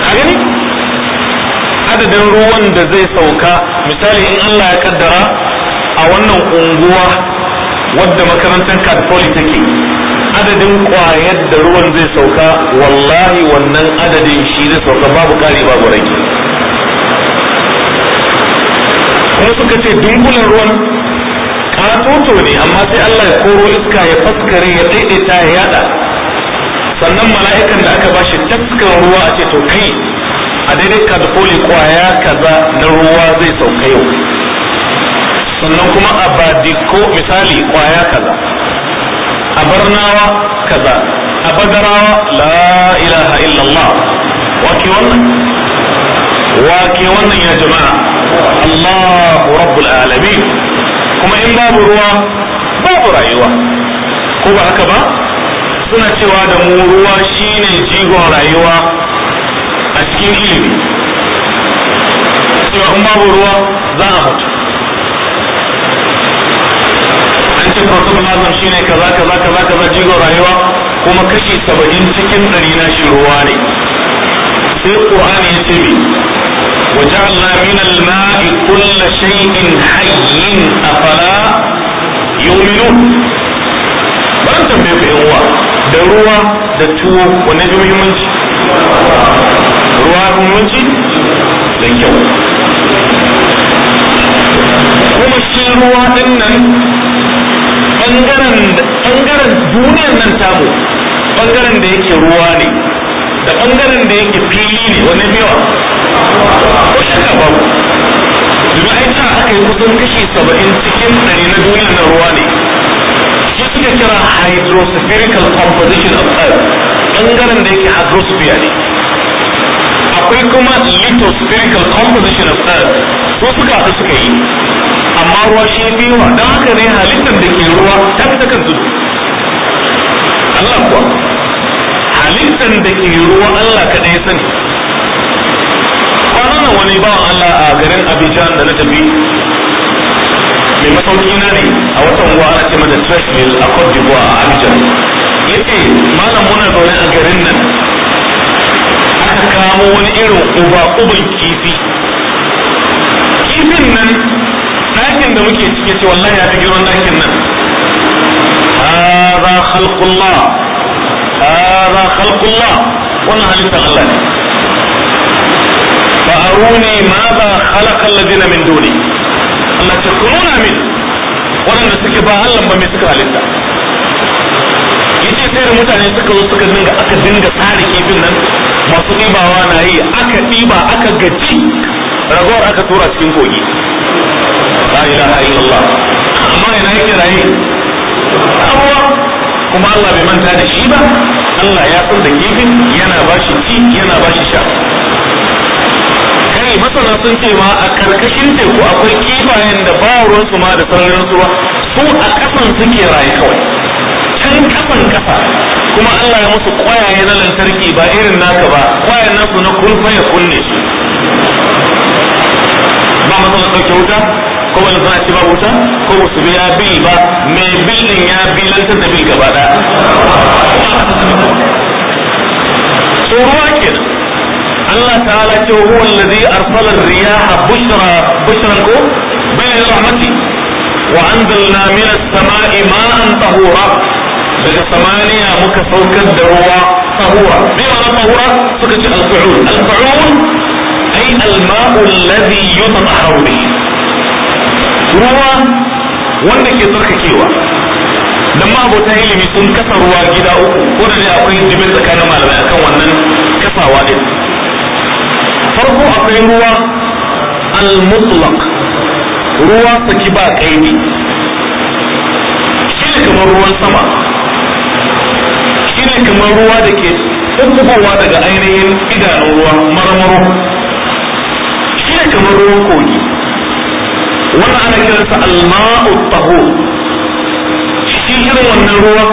ka gani adadin ruwan da zai sauka misali in Allah ya kaddara a wannan unguwa wadda makarantar Catholic take adadin kwayar da ruwan zai sauka wallahi wannan adadin shi zai sauka babu kari babu rage malamai suka ce dungulan ruwan katoto ne amma sai Allah ya koro iska ya faskare ya daidaita ya yada sannan mala'ikan da aka bashi taskar ruwa a ce to kai a daidai ka da koli kwaya kaza na ruwa zai sauka yau sannan kuma a badiko misali kwaya kaza a barnawa kaza a badarawa la ilaha illallah wake wannan wake wannan ya jama'a Allahu rabbul alamin kuma in babu ruwa babu rayuwa ko ba haka ba suna cewa da mu ruwa shine jigon rayuwa a cikin ilimi cewa in babu ruwa za a mutu an ce protein hazan shine kaza kaza kaza kaza jigon rayuwa kuma kashi saba'in cikin ɗari na shi ruwa ne في القرآن يتبي وجعلنا من الماء كل شيء حي أفلا يؤمنون وأنتم بيقوا دروا دتوا ونجم يمنج رواه يمنج لنجم ومشي رواه إنن ɓangaren duniyar nan tamu ɓangaren da yake ruwa ne da bangaren da yake fili ne wani biyu ko shakka babu domin ai ta aka yi kusan kashi saba'in cikin ɗari na duniya na ruwa ne shi suka kira hydrospherical composition of earth bangaren da yake hydrosphere ne akwai kuma lithospherical composition of earth ko suka haɗu suka yi amma ruwa shi fi yawa don haka ne halittar da ke ruwa ta fi ta kan tudu Allah kuwa halittar da ke ruwa Allah kaɗai sani. kwanan wani bawan Allah a garin Abidjan da na tafi mai masauki na ne a watan ruwa ana ce mata Treshmill a Cote d'Ivoire a Abidjan ya ce malam muna zaune a garin nan aka kamo wani irin uba uban kifi kifin nan ɗakin da muke cike ce wallahi ya fi girman ɗakin nan هذا خلق الله hadha khalqullah wannan halittar Allah ne fa aruni madha khalaqa alladhina min duni Allah ta kununa min waɗanda suke ba Allah ba mai suka halitta yace sai da mutane suka zo suka dinga aka dinga tsare kifin nan masu ɗibawa na yi aka ɗiba aka gaci ragowar aka tura cikin kogi la ilaha illallah amma ina yake raye abuwa kuma Allah bai manta da shi ba Allah ya san da kifin yana ba shi ci yana ba shi sha kai masana sun ce ma a karkashin teku akwai kifayen da ba ruwansu ma da sararin ruwa su a kasan suke rayu kawai can kasan kasa kuma Allah ya musu kwayaye na lantarki ba irin naka ba kwayan nasu na kulfa ya kunne su ba masana sauke wuta ko wani suna ci ba wuta ko musu biya bil ba mai bil din ya bilantar da bil gaba daya to ruwa kenan Allah ta'ala ce huwa allazi arsala ar-riyaha bushra bushran ko bayna rahmati wa anzalna min as-sama'i ma'an tahura daga samaniya muka saukar da ruwa tahura me ma'ana tahura suka ce al-fa'ul al-fa'ul ay al-ma'u alladhi yutatahharu bihi ruwa wanda ke tsarkakewa don ma abota ilimi sun kasa ruwa gida uku ko da akwai jimin tsakanin malamai akan wannan kasawa din farko akwai ruwa al-mutlaq ruwa saki ba kaini shi ne kamar ruwan sama shi ne kamar ruwa da ke tsubbugowa daga ainihin idanun ruwa marmaro shi ne kamar ruwan kogi wannan ana kiransa alma'u taho shi irin wannan ruwa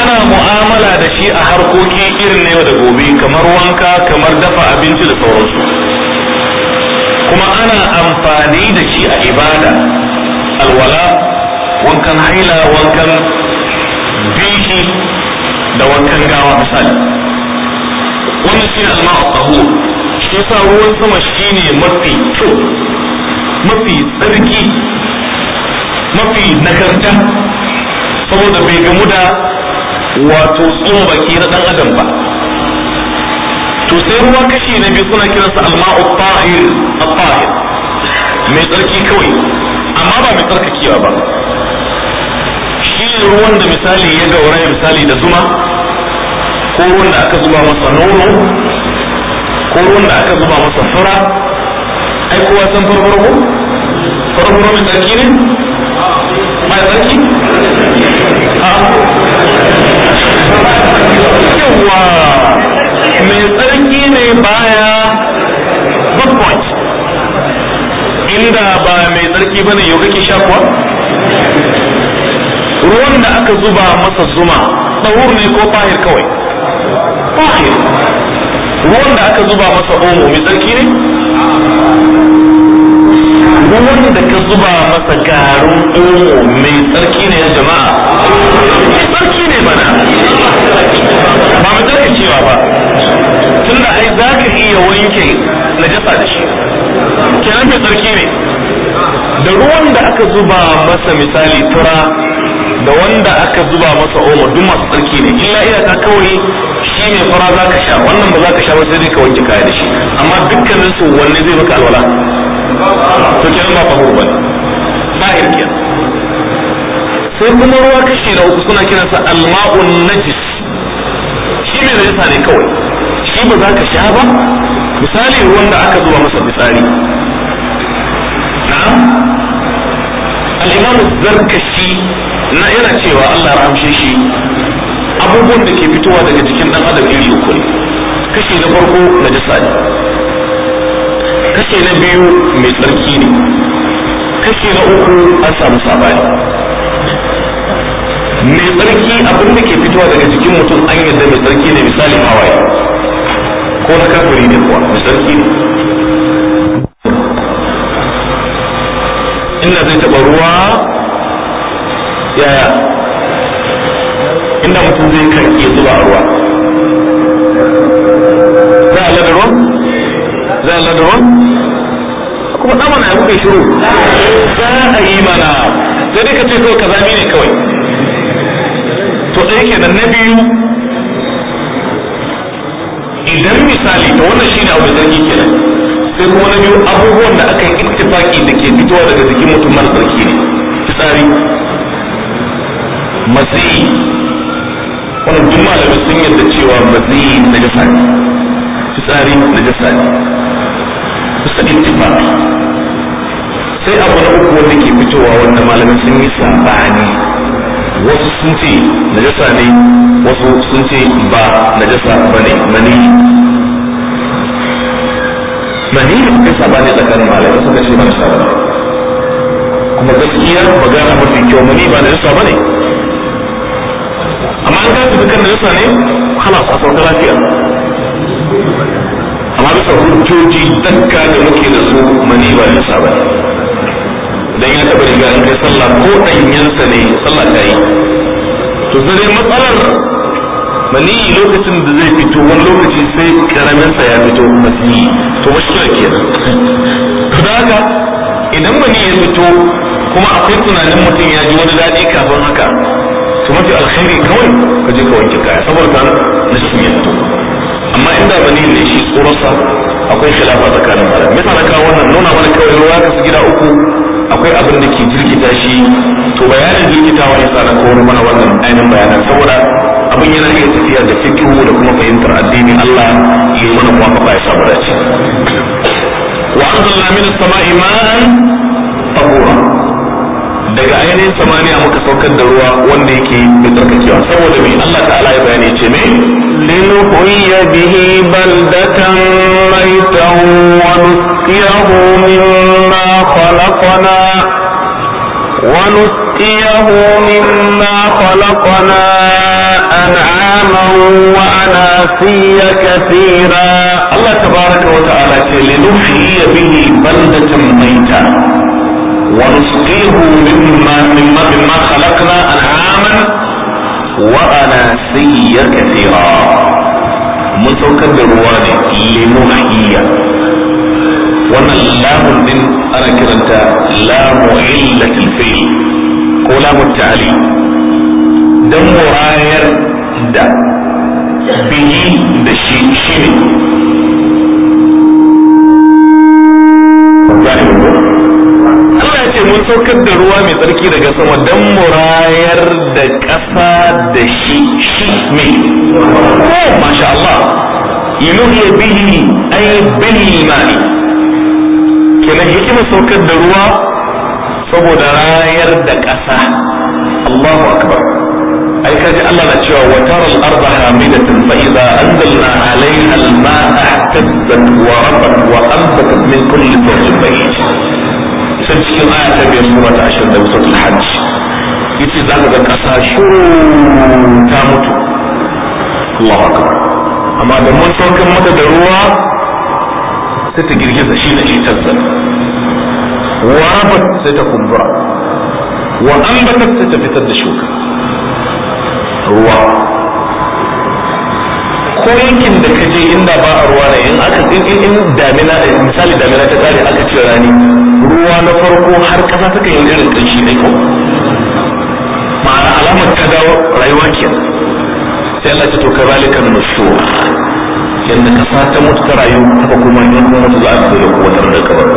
ana mu'amala da shi a harkoki irin na yau da gobe kamar wanka kamar dafa abinci da sauransu kuma ana amfani da shi a ibada alwala wankan haila wankan bishi da wankan gawa misali wannan shi ne alma'u taho yasa ruwan sama shine mafi kyau mafi tsarki mafi nagarta saboda bai gamu da wato tsoma baki na dan adam ba to sai ruwa kashi na biyu suna kiransa alma'u tahir at-tahir mai tsarki kawai amma ba mai tsarkakewa ba shi ruwan da misali ya gaura misali da zuma ko ruwan aka zuba masa nono ko ruwan da aka zuba masa fura ai kowa san farfaro ko farfaro mai tsarki ne mai tsarki a yawa mai tsarki ne baya good point inda ba mai tsarki ba ne yau kake sha kuwa ruwan da aka zuba masa zuma tsahur ne ko fahir kawai fahir ruwan da aka zuba masa omo mai tsarki ne ruwan da ka zuba masa garin omo mai tsarki ne ya jama'a mai tsarki ne bana ba mai tsarki cewa ba tun da ai za ka iya wanke na jasa da shi kenan mai tsarki ne da ruwan da aka zuba masa misali tura da wanda aka zuba masa omo duk masu tsarki ne illa iyaka kawai shi ne fara za ka sha wannan ba za ka sha ba sai dai ka wanke kaya da shi amma dukkanin su wanne zai maka alwala to kenan ba fahur ba zahir kenan sai kuma ruwa kashi da uku suna kiransa alma'un najis shi ne najisa ne kawai shi ba za ka sha ba misali ruwan da aka zuba masa fitsari na'am al-imam zarkashi na yana cewa Allah rahamshe shi abubuwan da ke fitowa daga jikin dan adam iri uku ne kashi na farko na jisa ne kashi na biyu mai tsarki ne kashi na uku an samu sabani mai tsarki abin da ke fitowa daga jikin mutum an yadda mai tsarki ne misali hawaye ko na kafiri ne kuwa mai tsarki ne inda zai taɓa ruwa yaya inda mutum zai karki ya zuba a ruwa za a lada za a lada kuma da na yi shiru za a yi mana sai dai ka ce kawai kazami ne kawai to ɗaya nan na biyu idan misali ta wannan shine abu da zargi kenan sai kuma na biyu abubuwan da aka yi ittifaki da ke fitowa daga jikin mutum mara sarki ne fitsari matsayi wannan duk da sun yadda cewa mazi na jasa ne fitsari na jasa ne kusan ittifaqi sai abu na uku wanda ke fitowa wanda malamin sun yi sabani wasu sun ce jasa ne wasu sun ce ba na ba ne mani mani kai sabani tsakanin malamin suka ce ba sabani kuma gaskiya magana mafi kyau mani ba na jasa ba ne. amma in ka tafi kan nesa ne halas a sauka lafiya amma bisa hujjoji dakka da muke da su mani ba nisa ba dan ya taɓa riga in kai sallah ko ɗanyensa ne sallah ta yi to zare matsalar mani lokacin da zai fito wani lokaci sai karaminsa ya fito masiyi to mashirar kenan to da haka idan mani ya fito kuma akwai tunanin mutum ya ji wani daɗi kafin haka to mafi alkhairi kawai ka je ka wanke kaya saboda na shiryattu amma inda bani ne shi tsoronsa akwai khilafa tsakanin malamai me sa na kawo wannan nuna mana kawai ruwa ka su gida uku akwai abin da ke jirgita shi to bayanin jirgitawa ya sa na kawo mana wannan ainihin bayanan saboda abin yana iya tafiya da fikihu da kuma fahimtar addini Allah ya yi mana muwafaqa ya samu dace wa anzalna minas sama'i ma'an tahura daga ainihin samaniya muka saukar da ruwa wanda yake mai tsarkakewa saboda mai Allah ta'ala ya bayani ce kuyi ya bihi baldatan maitan wa nusqiyahu mimma khalaqna wa nusqiyahu mimma khalaqna an'aman wa anasiya kathira Allah tabaraka wa ta'ala ce ya bihi baldatan maitan ونسقيه مما مما مما خلقنا انعاما واناسيا كثيرا متوكا بالرواد لنحيي وانا لام من انا كرنت لام علة الفيل كلام التالي دم راير دا به دشين شيني ce mun saukar da ruwa mai tsarki daga sama don murayar da ƙasa da shi shi mai masha Allah yuhya bihi ay bil ma'i kenan hikimar saukar da ruwa saboda rayar da ƙasa Allahu akbar ai kaji Allah na cewa wa tara al-ardha hamidatan fa idza anzalna 'alayha al-ma'a ihtazzat wa rabat wa anbatat min kulli zawjin bahij ta cikin aya ta biyar sura ta ashirin da suratul hajj yace za ka ga ƙasa shiru ta mutu Allahu akbar amma da mun saukar mata da ruwa sai ta girgiza shi da shi tazza warabat sai ta kumbura wa ambatat sai ta fitar da shuka ruwa ko yankin da ka je inda ba a ruwa ne in aka in damina misali damina ta tsare aka ce rani ruwa na farko har kasa ta kan yi irin kanshi ne ko ma'ana alamar ta dawo rayuwa ke sai Allah ta to ka zalika min shuwa yanda kasa ta mutu ta rayu haka kuma in kuma mutu za a zo da kuma tare da kabar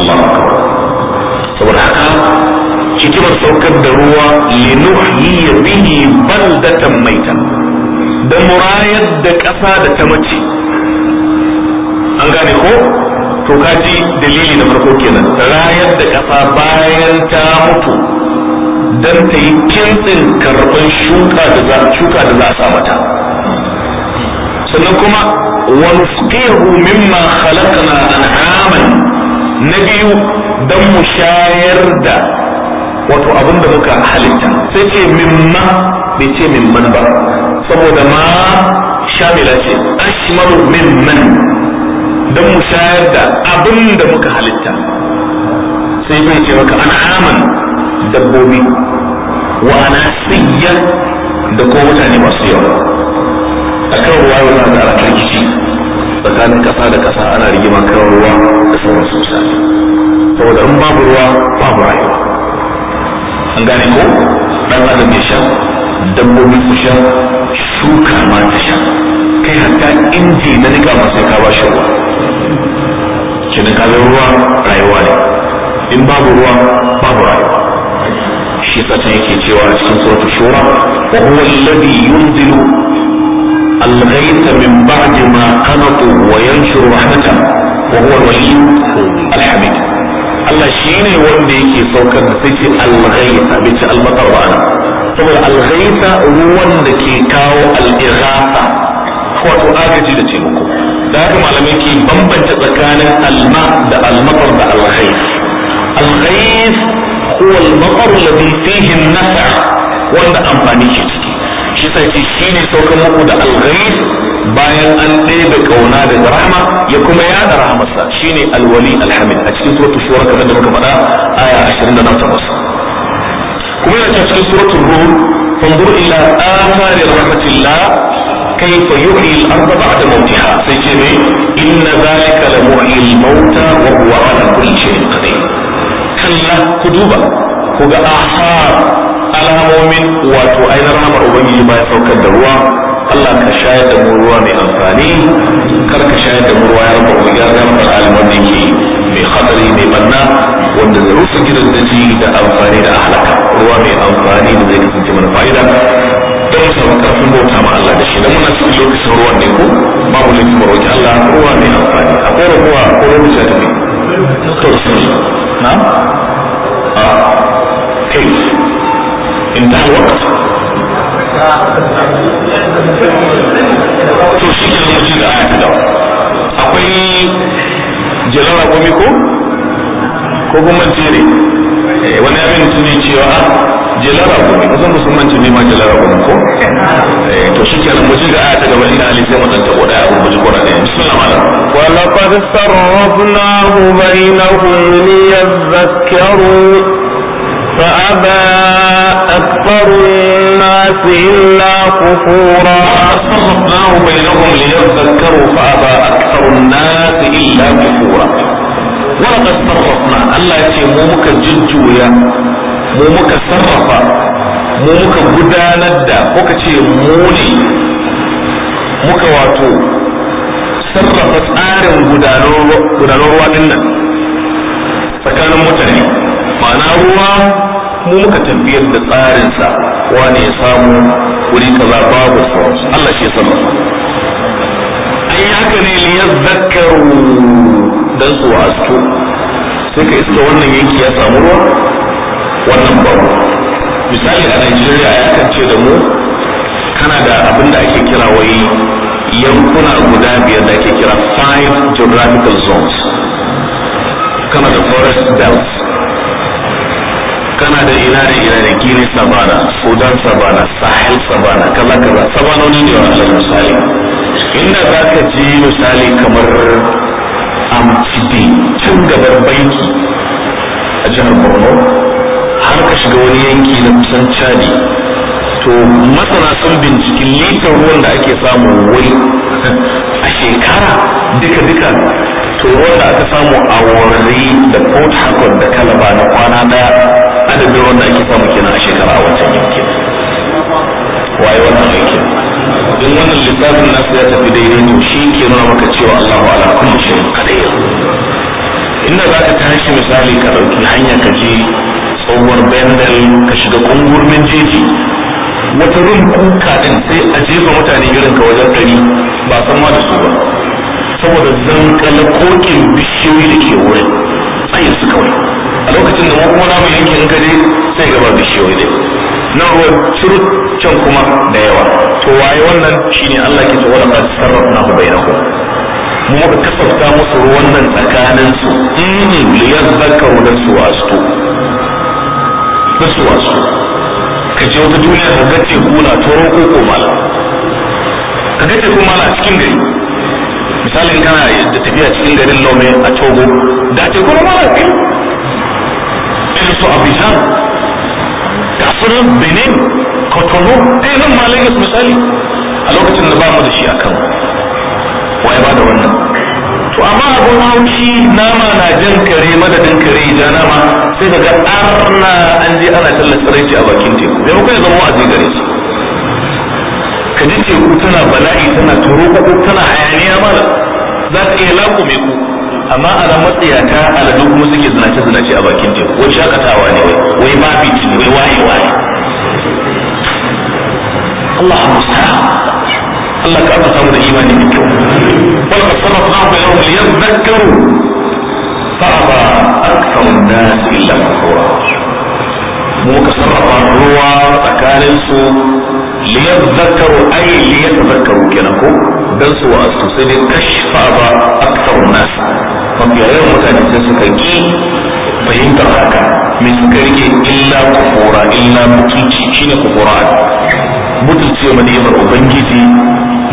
Allahu akbar saboda haka hikimar saukar da ruwa linuhyi bihi baldatan maita da murayar da kasa da ta mace an gane ko to kaji dalili na farko kenan rayar da kafa bayan ta mutu dan ta yi kintsin karban shuka da za shuka da za sa mata sannan kuma wa nusqihu mimma khalaqna an'aman na biyu dan mu shayar da wato abin da muka halitta sai ce mimma bai ce mimman ba saboda ma shamila ce mimman don mu shayar da abin da muka halitta sai zai ce maka aman dabbobi wa siya da ko mutane masu yawa a kan ruwa yau za a kishi. tsakanin kasa da kasa ana rigima kan ruwa da sauran sosa saboda in babu ruwa babu rayuwa an gane ko dan adam ya sha dabbobi su sha shuka ma ta sha kai hatta inji na nika masu ka ba shi ruwa kenan kaga ruwa rayuwa ne in babu ruwa babu rayuwa shi yasa yake cewa a cikin suratul shura wa huwa alladhi yunzilu al-ghaytha min ba'di ma qanatu wa yanshuru rahmatahu wa huwa al-waliyyu al-hamid Allah shine wanda yake saukar da sai al-ghaytha bi ta al-matar saboda al-ghaytha ruwan da ke kawo al-ighatha wato agaji da taimako da haka malamai ke bambanta tsakanin alma da almatar da alghais alghais huwa almatar alladhi fihi an wanda amfani ke ciki shi sai ce shine saukan muku da alghais bayan an ɗebe kauna da rahama ya kuma yada rahamarsa ne alwali alhamid a cikin suratul shuwar kamar da muka faɗa aya 28 kuma yana cikin suratul rum fanzur ila athari rahmatillah kayfa yuhyi al-ardha ba'da mawtiha sai ce ne inna zalika la muhyi al-mauta wa huwa ala kulli shay'in qadir kalla ku duba ku ga ahar alamomin wato ainihin rahmar ubangiji ya saukar da ruwa Allah ka shayar da ruwa mai amfani kar ka shayar ruwa ya rabu ya da yake mai hadari mai banna wanda zai rufe gidan da da amfani da halaka ruwa mai amfani da zai kasance mana fa'ida karfin bauta ma Allah da shi muna cikin lokacin ruwan ne ko babu laifin Allah ruwa mai amfani ko to sun na a kai in ta waqt to shi ne mutum da aya akwai jelara gumi ko ko kuma jere eh, wani abin su ne cewa a jelara gumi musu musulmanci ne ma jelara gumi ko eh, to shi kenan mu shiga aya ta gaba inda ali sai mutan ta koda abu mutu kora ne bismillah ala wa laqad sarrafnahu bainahum liyadhakkaru fa aba aktharu الناس إلا كفورا فأصرفناه بينهم ليذكروا فأبى أكثر الناس إلا كفورا ولقد صرفنا الله يتي مو مك ججويا مو مك صرفا مو مك gudanar da kuka ce mu ne muka wato sarrafa tsarin gudanar ruwa tsakanin mutane ma'ana ruwa mu muka tafiyar da tsarinsa Wani ya samu wuri kaza babu sauransu Allah shi ya sama an yi haka ne liyar zakaru dan su wasu sai ka iska wannan yanki ya samu ruwa wannan babu misali a Najeriya ya kance da mu kana da abin da ake kira wai yankuna guda biyar da ake kira five geographical zones kana da forest belts kana da ina da ina da gini sabana sudan sabana sahel sabana kaza kaza sabanoni ne wa alal misali inda za ji misali kamar amcidi tun gabar banki a jihar borno har ka shiga wani yanki na kusan chadi to masana sun binciki litar ruwan da ake samu wai <laughs> a shekara duka-duka tsoron wanda aka samu a warri da port harcourt da kalaba na kwana daya adadin wanda ake samu kenan a shekara a wancan yankin waye wannan aikin in wannan lissafin nasu ya tafi daidai to shi ke nuna maka cewa Allahu ala kulli shay'in qadir inda za ka tashi misali ka dauki hanya ka je tsohuwar bendel ka shiga kungurmin jeji wata rin kuka sai a jefa mutane irin ka wajen ɗari ba san ma da su ba saboda zankala kokin bishiyoyi da ke wurin sai su kawai a lokacin da kuma namu yankin gari sai gaba bishiyoyi ne na ruwa shiru can kuma da yawa to waye wannan shine Allah ke tsawon ba sarrafa ku bainahu mu muka kasafta musu ruwan nan tsakanin su liyar mm, liyazzakaru da su wasu da su wasu ka je wata duniya ka gace kula toro ko ko mala ka gace ko mala cikin gari misalin kana da tafiya cikin garin lome a togo da ce kuma ma biyu irin su abidjan benin kotono ɗaya eh, nan ma lagos misali a lokacin da ba mu da shi a kan waye ba da wannan to amma gona wuce nama na jan kare madadin kare ja nama sai daga arna an je ana tallata rai a bakin teku bai kuma ya zama wa'azi gare shi ka ji ce ku tana bala'i tana turo ku tana hayaniya mana. za ta iya lakume ku amma ana matsayata aladu kuma suke zinace zinace a bakin teku wai shakatawa ne wai ma biti wai waye waye Allah musta'an Allah ka aka samu da imani mai kyau wal qasamat ahba yawm liyadhakkaru fa aba aktharu da nas illa kufura mu ka sarrafa ruwa tsakanin su zakaru. liyadzakaru ay zakaru kenan ko don su wasu sai dai kashfa ba aktsaru nas mafi yawan mutane sai suka ki fahimtar haka me suka rike illa kufura illa mutunci shine kufura mutunci wa ni'imar ubangiji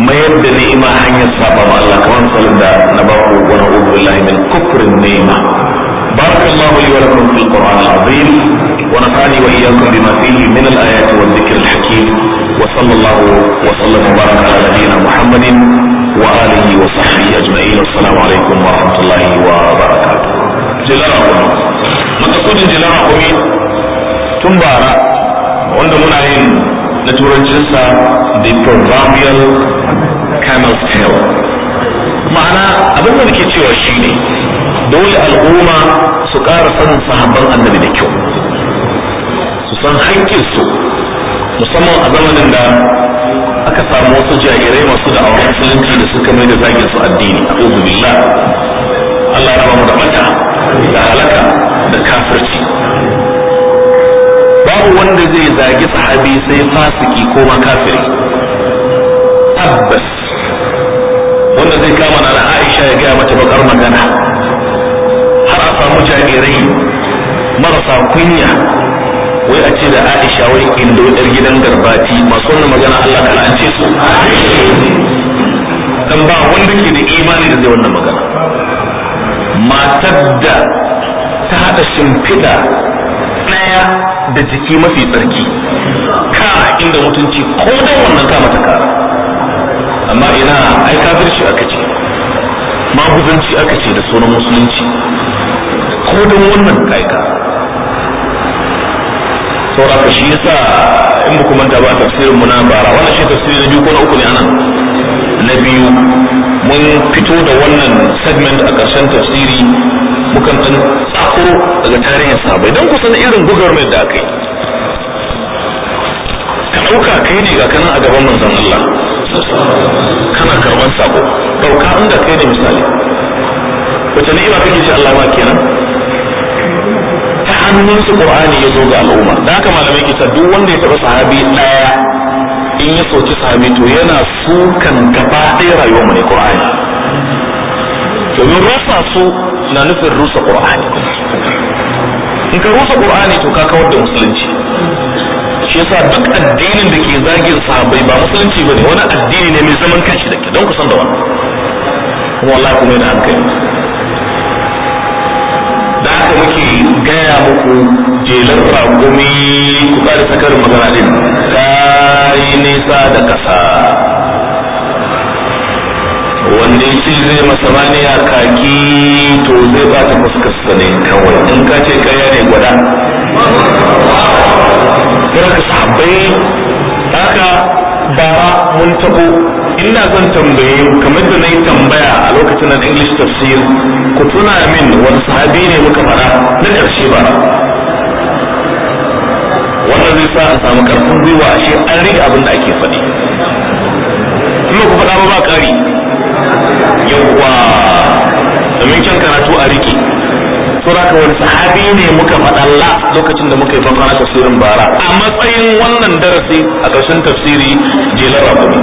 mayar da ni'ima hanyar saba ma Allah kamar misalin da na ba ku wa na'udhu billahi min kufrin ni'ima barakallahu li wa lakum fil qur'an azim ونفعني وإياكم بما فيه من الآيات والذكر الحكيم وصلى الله وسلم وبارك على نبينا محمد وآله وصحبه أجمعين السلام عليكم ورحمة الله وبركاته جلال رحمه من تقول جلال رحمه تنبارا wanda muna yin na turancinsa the proverbial camel's tail ma'ana abin da nake cewa shine dole al'umma su ƙara sanin sahabban annabi da kyau san su musamman a zamanin da aka samu wasu jagirai masu da awon musulunci da suka mai da zagin su addini a billah Allah ya mu da mata da halaka da kafirci babu wanda zai zagi sahabi sai fasiki ko ma kafiri tabbas wanda zai kama na Aisha ya gaya mata bakar magana har a samu jagirai marasa kunya wai a ce da Aisha wai indo yar gidan garbati masu wannan magana Allah kana an ce su dan ba wanda ke da imani da zai wannan magana matar da ta haɗa shimfiɗa ɗaya da jiki mafi tsarki ka inda mutunci ko da wannan kama ta ka amma ina ai shi aka ce maguzanci aka ce da sunan musulunci ko don wannan kaika ka shi yasa in ba kuma ba tafsirin mu na bara wannan shi tafsiri na biyu ko na uku ne anan na biyu mun fito da wannan segment a ƙarshen tafsiri mukan ɗan tsako daga tarihin sabai don kusan irin gugarmar da aka yi ka ɗauka kai ne ga kanan a gaban manzon Allah kana karɓar sako ɗauka inda kai ne misali wacce ni'ima kake ce Allah ma kenan su qur'ani ya zo ga al'umma da haka malamai ke duk wanda ya taba sahabi daya in ya soki sahabi to yana sukan gaba ɗaya rayuwa mu ne qur'ani domin rusa su na nufin rusa qur'ani in ka rusa qur'ani to ka kawar da musulunci shi yasa duk addinin da ke zagin sahabbai ba musulunci bane wani addini ne mai zaman kashi da ke don ku san da wannan kuma wallahi kuma yana hankali da haka muke gaya muku jelar raƙumi ku da sakar magana din ta yi nisa da kasa wanda ya ce zai masamani kaki to zai ba ta fuskarsa ne kawai in ka ce kaya ne gwada Kira ka sahabbai haka bara mun taɓo ina zan tambaye kamar da na yi tambaya a lokacin nan english tafsir ku tuna min wani sahabi ne muka fara na ƙarshe ba wannan zai sa a samu karfin gwiwa a shi an rika abin da ake faɗi kuma ku faɗa ba ba ƙari yawwa domin kyan karatu a rike suraka wani sahabi ne muka faɗalla lokacin da muka yi fafara tafsirin bara a matsayin wannan darasi a ƙarshen tafsiri jelar ne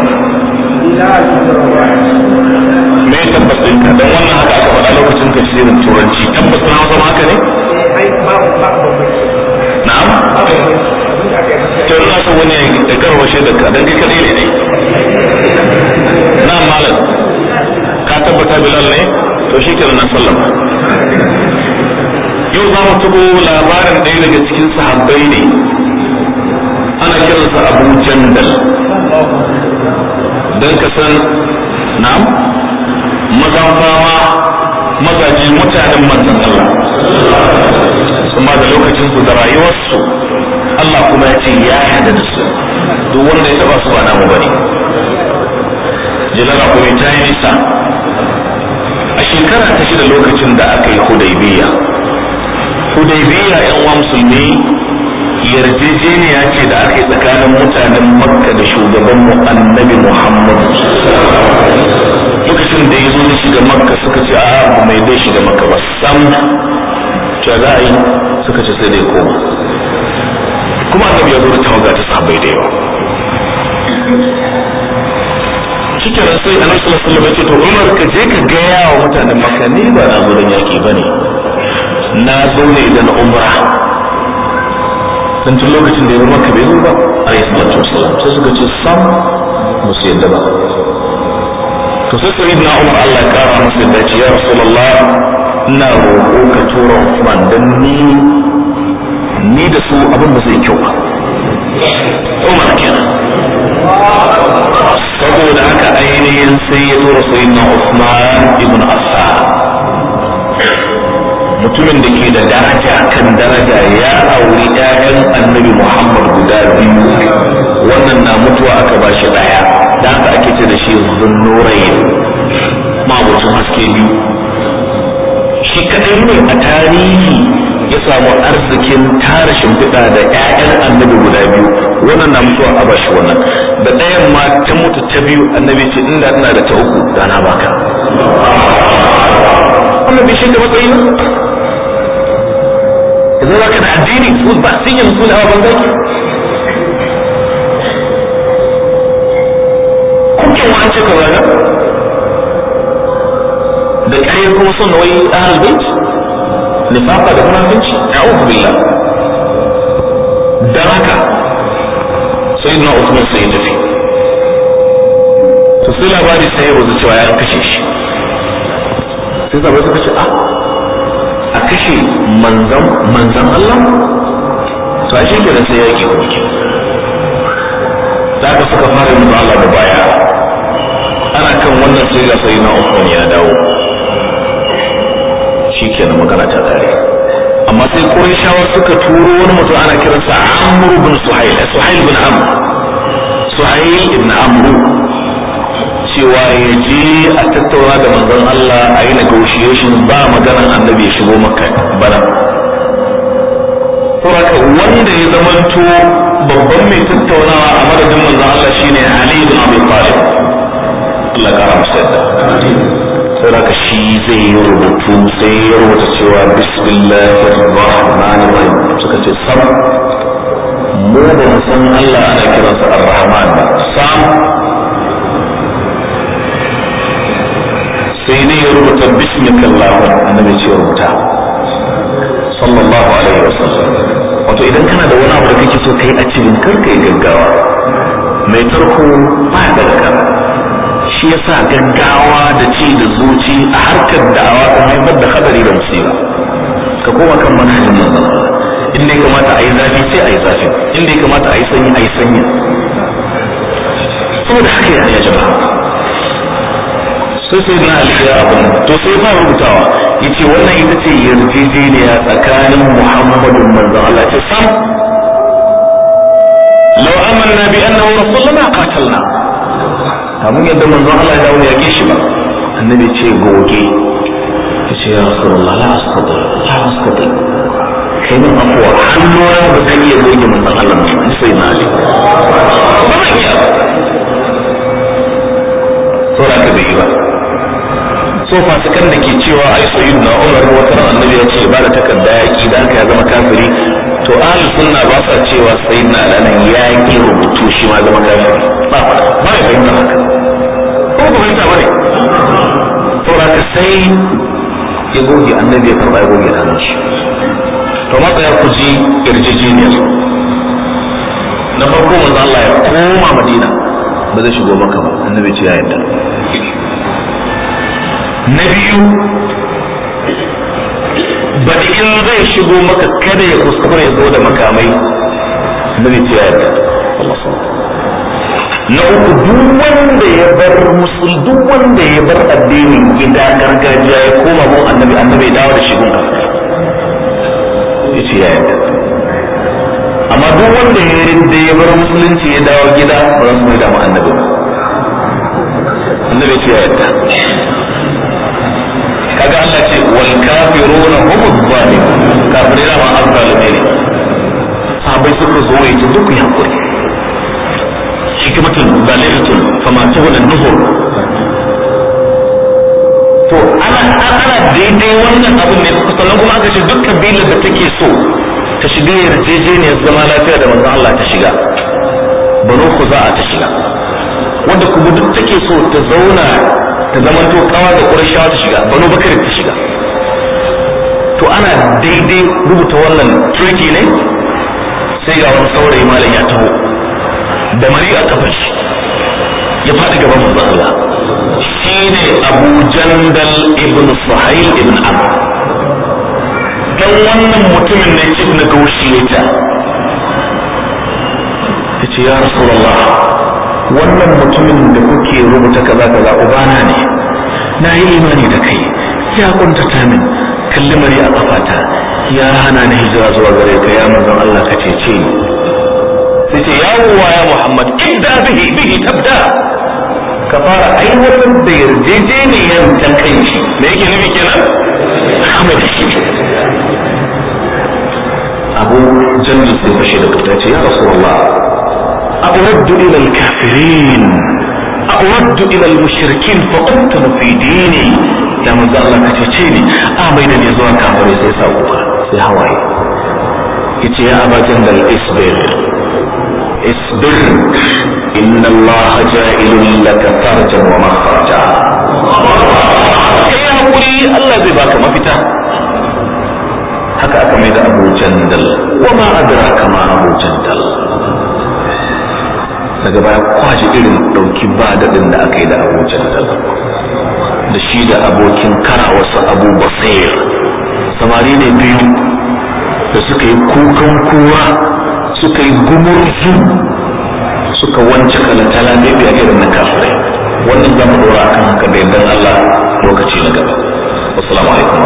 me tabbas ka don wannan haka aka faɗa lokacin tafsirin turanci tabbas na wasu haka ne na'am to ina so wani da karwashe da ka dan kai kadai ne na'am malam ka tabbata bilal ne to shi kenan na sallama yau za mu tabo labarin ɗaya daga cikin sahabbai ne ana kiransa abu jandal don ka san na'am ma fama mazaje mutanen manzan Allah kuma da lokacin su da rayuwarsu Allah kuma ya ce ya hada da su duk wanda ya taba su ba namu bane jilala kuma ta yi nisa a shekara ta shida lokacin da aka yi hudaybiya hudaybiya yan uwa musulmi yarjejeniya ce da aka yi tsakanin mutanen makka da shugaban mu annabi muhammad lokacin da ya zo da shiga makka suka ce a abu mai zai shiga makka ba sam ta za a yi suka ce sai dai koma kuma annabi ya zo da tawaga ta sahabai da yawa rasu sai nan sallallahu alaihi wasallam ya ce to Umar ka je ka gaya wa mutanen makka ni ba na gurin yaki bane na zo ne idan umra dan tun lokacin da ya bar maka bai zo ba alayhi salatu wasallam sai suka ce sam musu yadda ba to sai sai ibn umar Allah ya kara masa da ce ya rasulullah ina roƙo ka tura Uthman dan ni ni da su abin ba zai kyau ba Umar kenan saboda haka ainihin sai ya tura sayyidina Uthman ibn Affan mutumin da ke da daraja kan daraja ya auri ƴaƴan annabi Muhammad guda biyu wannan na mutuwa aka ba shi ɗaya da haka ake ce da shi zunnurai mabucin haske biyu shi kadai ne a tarihi ya samu arzikin tara shimfiɗa da ƴaƴan annabi guda biyu wannan na mutuwa a ba shi wannan da ɗayan ma ta mutu ta biyu annabi ce inda ina da ta uku da na baka wannan bishin da matsayi اللي هو كان عديني تقول بحثيا تقول هوا بندك kuke wance ka wani da ƙaryar kuma son wai ahlul bait nifaqa da munafinci a'udhu billah dan haka sayyidina Uthman sai ya tafi to sai labari sai ya rubuta cewa ya kashe shi sai sabai suka ce ah a kashe manzan Allah to a shi kenan sai yaki hoki da suka fara yi Allah da baya ana kan wannan sai ga sai na Uthman ya dawo shikenan magana ta tare amma sai Qurayshawa suka turo wani mutum ana kiransa Amr ibn Suhail Suhail ibn Amr Suhail ibn Amr cewa ya je a tattauna da manzon Allah a yi negotiation ba magana annabi ya shigo maka bana to wanda ya zamanto babban mai tattaunawa a madadin manzon Allah shine Ali ibn Abi Talib Allah ya rahmu shi zai yi rubutu sai ya rubuta cewa bismillahir rahmanir rahim suka ce sam mu da san Allah ana kiransa ar-rahman sam sai ne ya rubuta bismikallahu annabi ce rubuta sallallahu alaihi wasallam wato idan kana da wani abu da kake so kai a cikin karka yi gaggawa mai tarko ba daga shi yasa gaggawa da ci da zuci a harkar awa ta haifar da hadari da musiba ka koma kan manhajin ba. inda ya kamata a yi zafi sai a yi zafi inda ya kamata a yi sanyi a yi sanyi saboda haka ya jama'a sai sai na alfiya abin to sai ba rubutawa yace wannan ita ce yarjejeniya tsakanin muhammadu manzon Allah ce sam law amanna bi annahu rasuluna qatalna mun yadda manzon Allah ya dawo ya shi ba annabi ce goge yace ya rasulullah la asqadi la asqadi kai min afwa hannuwa ba zan iya goge manzon Allah ba sai na ali ba zan iya ba saboda ka bai yi ba so fasikan da ke cewa yi sayyidu na umar wata ran annabi ya ce ba da takarda ya ki dan ka ya zama kafiri to ahlus sunna ba sa cewa sai na nan ya yi rubutu shi ma zama kafiri ba ba ba ya fahimta haka ko ba ya ba ne ba ka sai ya goge annabi ya karba ya goge da shi to ma ya ku ji yarjejeniyar na farko manzo Allah ya koma Madina ba zai shigo maka ba annabi ce ya yarda na biyu ba in zai shigo maka kada ya kuskure ya zo da makamai na ce ya na uku duk wanda ya bar musul duk wanda ya bar addinin gida gargajiya ya koma mu annabi annabi dawo da shigun kafka ya ce ya yadda amma duk wanda ya rinda ya bar musulunci ya dawo gida ba za su mai da mu annabi annabi ya ce ya yadda kaga Allah ce wal kafiruna hum zalimun kafirai ma azzalimi ne sahabbai suka zo ya ce duk hakuri hikmatun balighatun fama tuhuna nuhur to ana ana daidai wannan abin ne sannan kuma aka ce duk kabilar da take so ta shiga yarjejeniyar zama lafiya da manzo Allah ta shiga banu za ta shiga wanda kuma duk take so ta zauna ta to kawa da ƙurashawa ta shiga banu bakar ta shiga to ana daidai rubuta wannan turki ne sai ga wani saurayi malam ya taho da mari a kafar shi ya faɗi gaban manzo Allah shine Abu Jandal ibn Suhail ibn Amr dan wannan mutumin ne ibn Gaushi ne ta ce ya Rasulullah wannan mutumin da kuke rubuta kaza kaza ubana ne na yi imani da kai ya kuntata min kalli mari a kafata ya hana ni hijira zuwa gare ka ya manzon Allah ka ce, ce. sai ce ya wa ya Muhammad idda bihi bihi tabda ka fara aiwatar da yarjejeniyar ta kan shi me yake nufi kenan Ahmad shi Abu Jannah sai da kuta ce ya Rasulullah أرد إلى الكافرين أرد إلى المشركين فأبتم في ديني يا من ذا أما إذا آمين يزوى كافر سيسا أبوها في هواي كتي يا أبا جندل اصبر اصبر إن الله جائل لك فرجا ومخرجا يا أبوي الله زباك ما فتا هكا أكمل أبو جندل وما أدراك ما أبو جندل daga baya kwashe irin ɗauki ba daɗin da aka yi da abokin da da shi da abokin wasu abu basir samari ne biyu da suka yi kukan kowa suka yi gumurzu suka wance kalantala ne biya irin na kafirai wannan za dora a kan haka da yadda Allah lokaci na gaba assalamu alaikum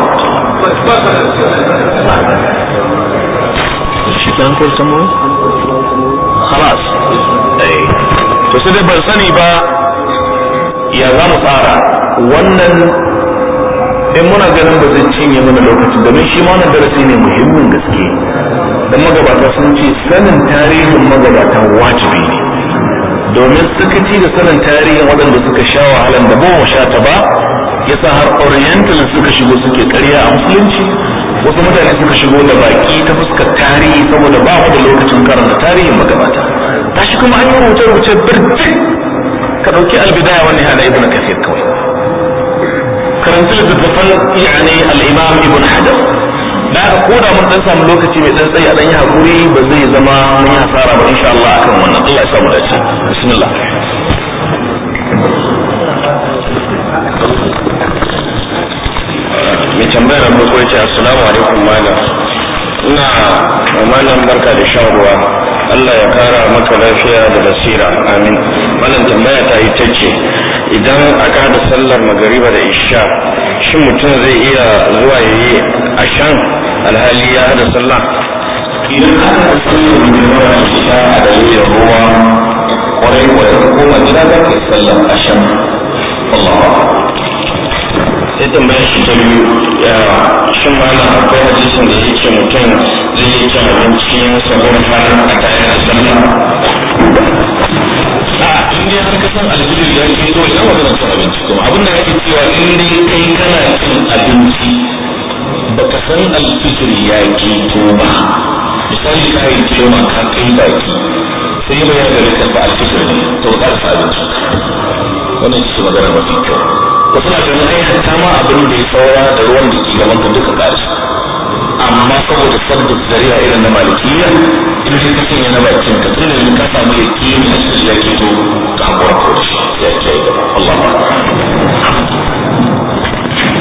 shi ɗan kurta mu خلاص to sai dai ban sani ba ya za mu tsara wannan in muna ganin ba zai cinye mana lokacin, domin shi ma wannan darasi ne muhimmin gaske dan magabata sun ce sanin tarihin magabata wajibi ne domin sakaci da sanin tarihin waɗanda suka sha wahalan da bawa sha ta ba yasa har oriental suka shigo suke karya a musulunci wasu mutane suka shigo da baki ta fuskar tarihi saboda ba mu da lokacin karanta tarihin magabata ta shi kuma an yi rubuce rubuce birtik ka ɗauki albidaya wannan hada ibnu kathir kawai karanci littattafan yani al-imam ibn hajar da ka koda mun dan samu lokaci mai dan tsayi a dan yi hakuri ba zai zama mun yi hasara ba insha Allah akan wannan Allah ya samu dace bismillah mai tambayar mu ko ce assalamu alaikum malam ina malam barka da shan ruwa Allah ya kara maka lafiya da basira amin malam tambaya ta ita ce idan aka hada sallar magariba da isha shin mutum zai iya zuwa ya yi ashan alhali ya hada sallah idan aka hada sallar magariba da isha a dalilin ruwa kwarai kwarai hukuma gida za ka yi sallar ashan Allah sai tambayar shi ta biyu shin malam akwai hadisin da yake mutum zai yi cin abinci sabon fara a kayan sallah a in dai har kasan alfijir ya ke to ina magana cin abinci kuma abin da ake cewa in dai kai kana cin abinci baka san alfijir ya ke to ba misali ka yi cewa ka kai baki sai ba ya gari kan ba alfijir ne to ka sa abinci wannan shi magana mafi kyau wasu na ganin ai hatta ma abin da ya saura da ruwan da ke gaban ka duka ƙarshe amma saboda sabbin zariya irin na malikiya ina shi ka sanya na bakin ka sai da ka samu ya kini a cikin ya ke to ka haƙura ko da shi ya ke da Allah ba.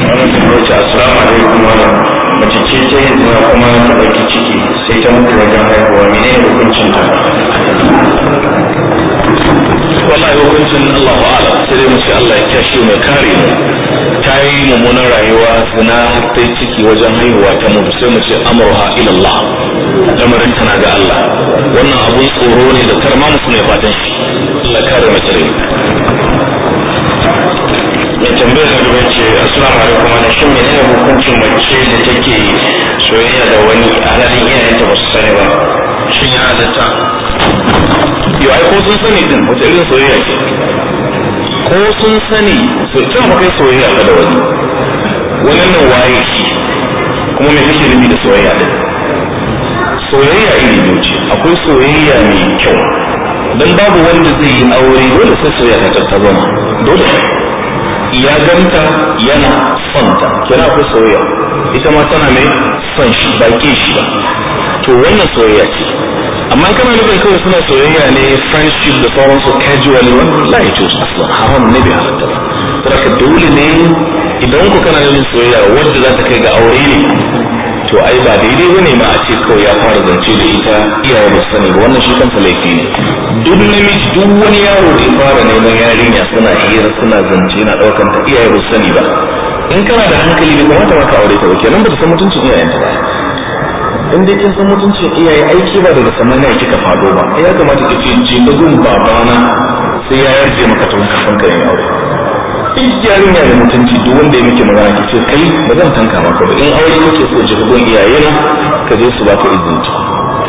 Wannan tambayi assalamu alaikum wa rahmatullahi ce ta yi zuwa kuma ta ɗauki ciki sai ta mutu wajen haihuwa menene hukuncin ta? wallahi hukuncin Allah wa ala sai dai mu ce Allah ya kashe mu kare mu ta yi mummunan rayuwa zina har ta ciki wajen haihuwa ta mu sai mu ce amruha ila Allah lamarin tana ga Allah wannan abun tsoro ne da karma mu ne fatan shi Allah kare mu tare Ya tambayar da ruwan ce assalamu alaikum ana shin menene hukuncin mace da take soyayya da wani alhalin iyayenta ba su sani ba shin ya halatta yau ai ko sun sani din wata irin soyayya ke? ko sun sani su can ba kai soyayya ka da wani ne waye shi kuma me kake nufi da soyayya din soyayya iri ne ce akwai soyayya mai kyau dan babu wanda zai yi aure dole sai soyayya ta tabbata dole ya ganta yana son ta kira ku soyayya ita ma tana mai son shi ba ke shi ba to wannan soyayya ce amma kana nufin kawai suna soyayya ne friendship da sauransu casual ne la ya ce haram ne bai halatta to ka dole ne idan ku kana nufin soyayya wanda za ta kai ga aure ne to ai ba daidai bane ma a ce kawai ya fara zance da ita iyaye ba sani ba wannan shi kansa laifi ne duk namiji duk wani yaro da ya fara neman yarinya suna hira suna zance na ɗaukan ta iyaye ba sani ba in kana da hankali bai kamata ma ka aure ta ba kenan ba ta san mutuncin iyayenta ba in dai kin san mutuncin iyaye aiki ba daga samaniya kika fado ba ya kamata ki ce ce ka gun babana sai ya yarje maka tun kafin ka yin aure in yarinya da mutunci duk wanda ya miki magana ki ce kai ba zan tanka maka ba in aure kake so ji gun na ka je su baka izini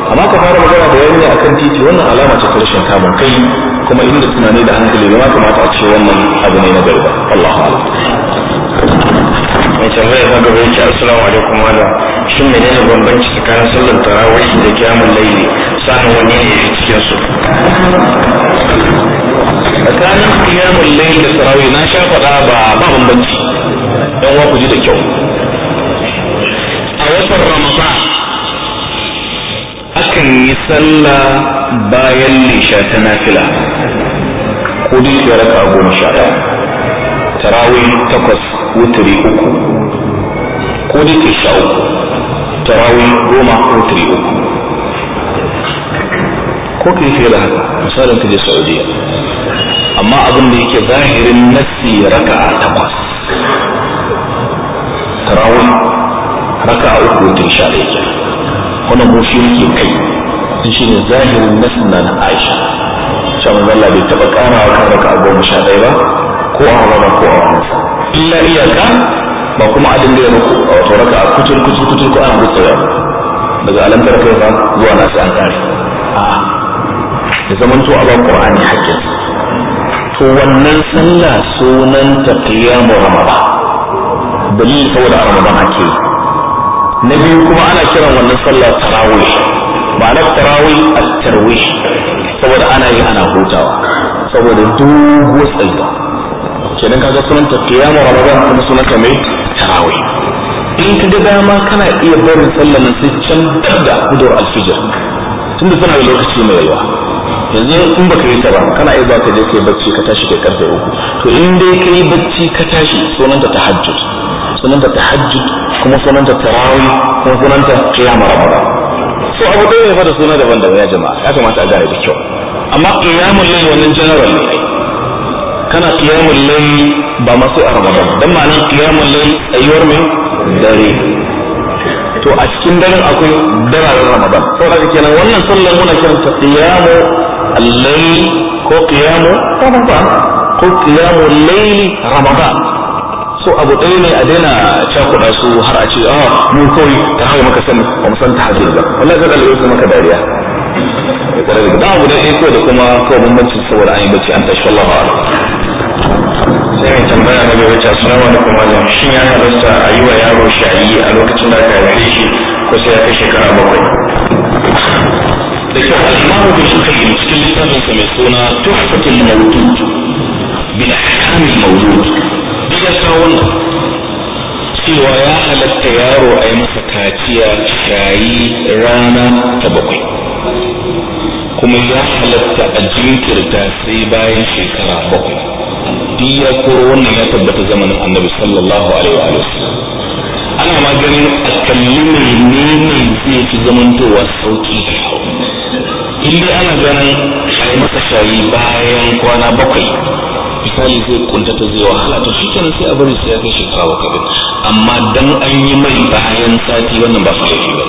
amma ka fara magana da yarinya akan titi wannan alama ce ta rashin kamun kai kuma inda suna ne da hankali ba kamata a ce wannan abu ne na gari ba Allahu mai tambaya ta gaba yake assalamu alaikum malam shin menene bambanci tsakanin sallar tarawih da kyamun laili sanin wani ne ya cikin su tsakanin kyamun laili da tarawih na sha faɗa ba ba bambanci don wa ku ji da kyau a watan ramadan akan yi sallah bayan lisha ta nafila ko dai ya raka goma sha ɗaya tarawih takwas wuturi uku ko duk ke sha uku tarawi goma ko tiri uku ko ka yi fiye da haka misalin ka je saudiya amma abin da yake zahirin nassi raka a takwas tarawih raka a uku tun sha da yake wannan ko shi yake kai sun shi ne zahirin nassi na na aisha sha manzo Allah bai taba karawa kan raka a goma sha ɗaya ba ko a rana ko a wani illa iyaka ba kuma a ya muku a wato raka a kucin kucin kucin ko ana ya daga alamtar kai ba zuwa na sai an kare a da zaman to a ba qur'ani hakkin to wannan sallah sunan ta qiyamu ramadan dalil saboda ramadan ake na biyu kuma ana kiran wannan sallah tarawih na tarawih at-tarwih saboda ana yi ana hutawa saboda dogo tsayi kenan kaga sunan ta qiyamu ramadan kuma sunan ta mai tarawih in ka ga dama kana iya barin sallar nan sai can da hudur alfijir da suna da lokaci mai yawa yanzu in baka yi ta ba kana iya zaka je kai bacci ka tashi kai karfe uku to in dai ka yi bacci ka tashi sunanta tahajjud sunanta tahajjud kuma sunanta tarawih kuma sunanta qiyam ramadan so abu ɗaya ne fa da suna daban-daban ya jama'a ya kamata a gane da kyau amma qiyamul layl wannan general ne kana qiyamul layl ba ma sai a Ramadan dan ma'anar qiyamul layl ayyuwar min dare to a cikin daren akwai dararen Ramadan saboda kenan wannan sallan muna kiranta qiyamu al-layl ko qiyamu Ramadan ko qiyamu layl Ramadan so abu ɗaya ne a daina cakuɗa su har a ce ah mu kawai ta hawa maka sani ba mu san ta hajji ba wallahi zan alwaye maka dariya da kwarar da abu da ɗaya da kuma kawai bambanci saboda an yi bacci an tashi wallahu ala sai mai tambaya na gaba ta assalamu alaikum malam shin ya halasta a yi wa yaro shayi a lokacin da aka haife shi ko sai ya kai shekara bakwai da kyau al'imamu da suka yi cikin littafinsa mai suna tuhfatul mawdud bin ahkamil mawdud duk ya sa wannan cewa ya halatta yaro a yi masa kaciya shayi rana ta bakwai kuma ya halatta a jinkirta sai bayan shekara bakwai duk ya koro wannan ya tabbata zamanin annabi sallallahu alaihi wa ana ma ganin a kalli ne ne zai fi zamantowa sauki in dai ana ganin a yi masa shayi bayan kwana bakwai misali zai kunta ta zai wahala to shi kenan sai a bari sai ya kai shekara bakwai amma dan an yi mai bayan sati wannan ba su laifi ba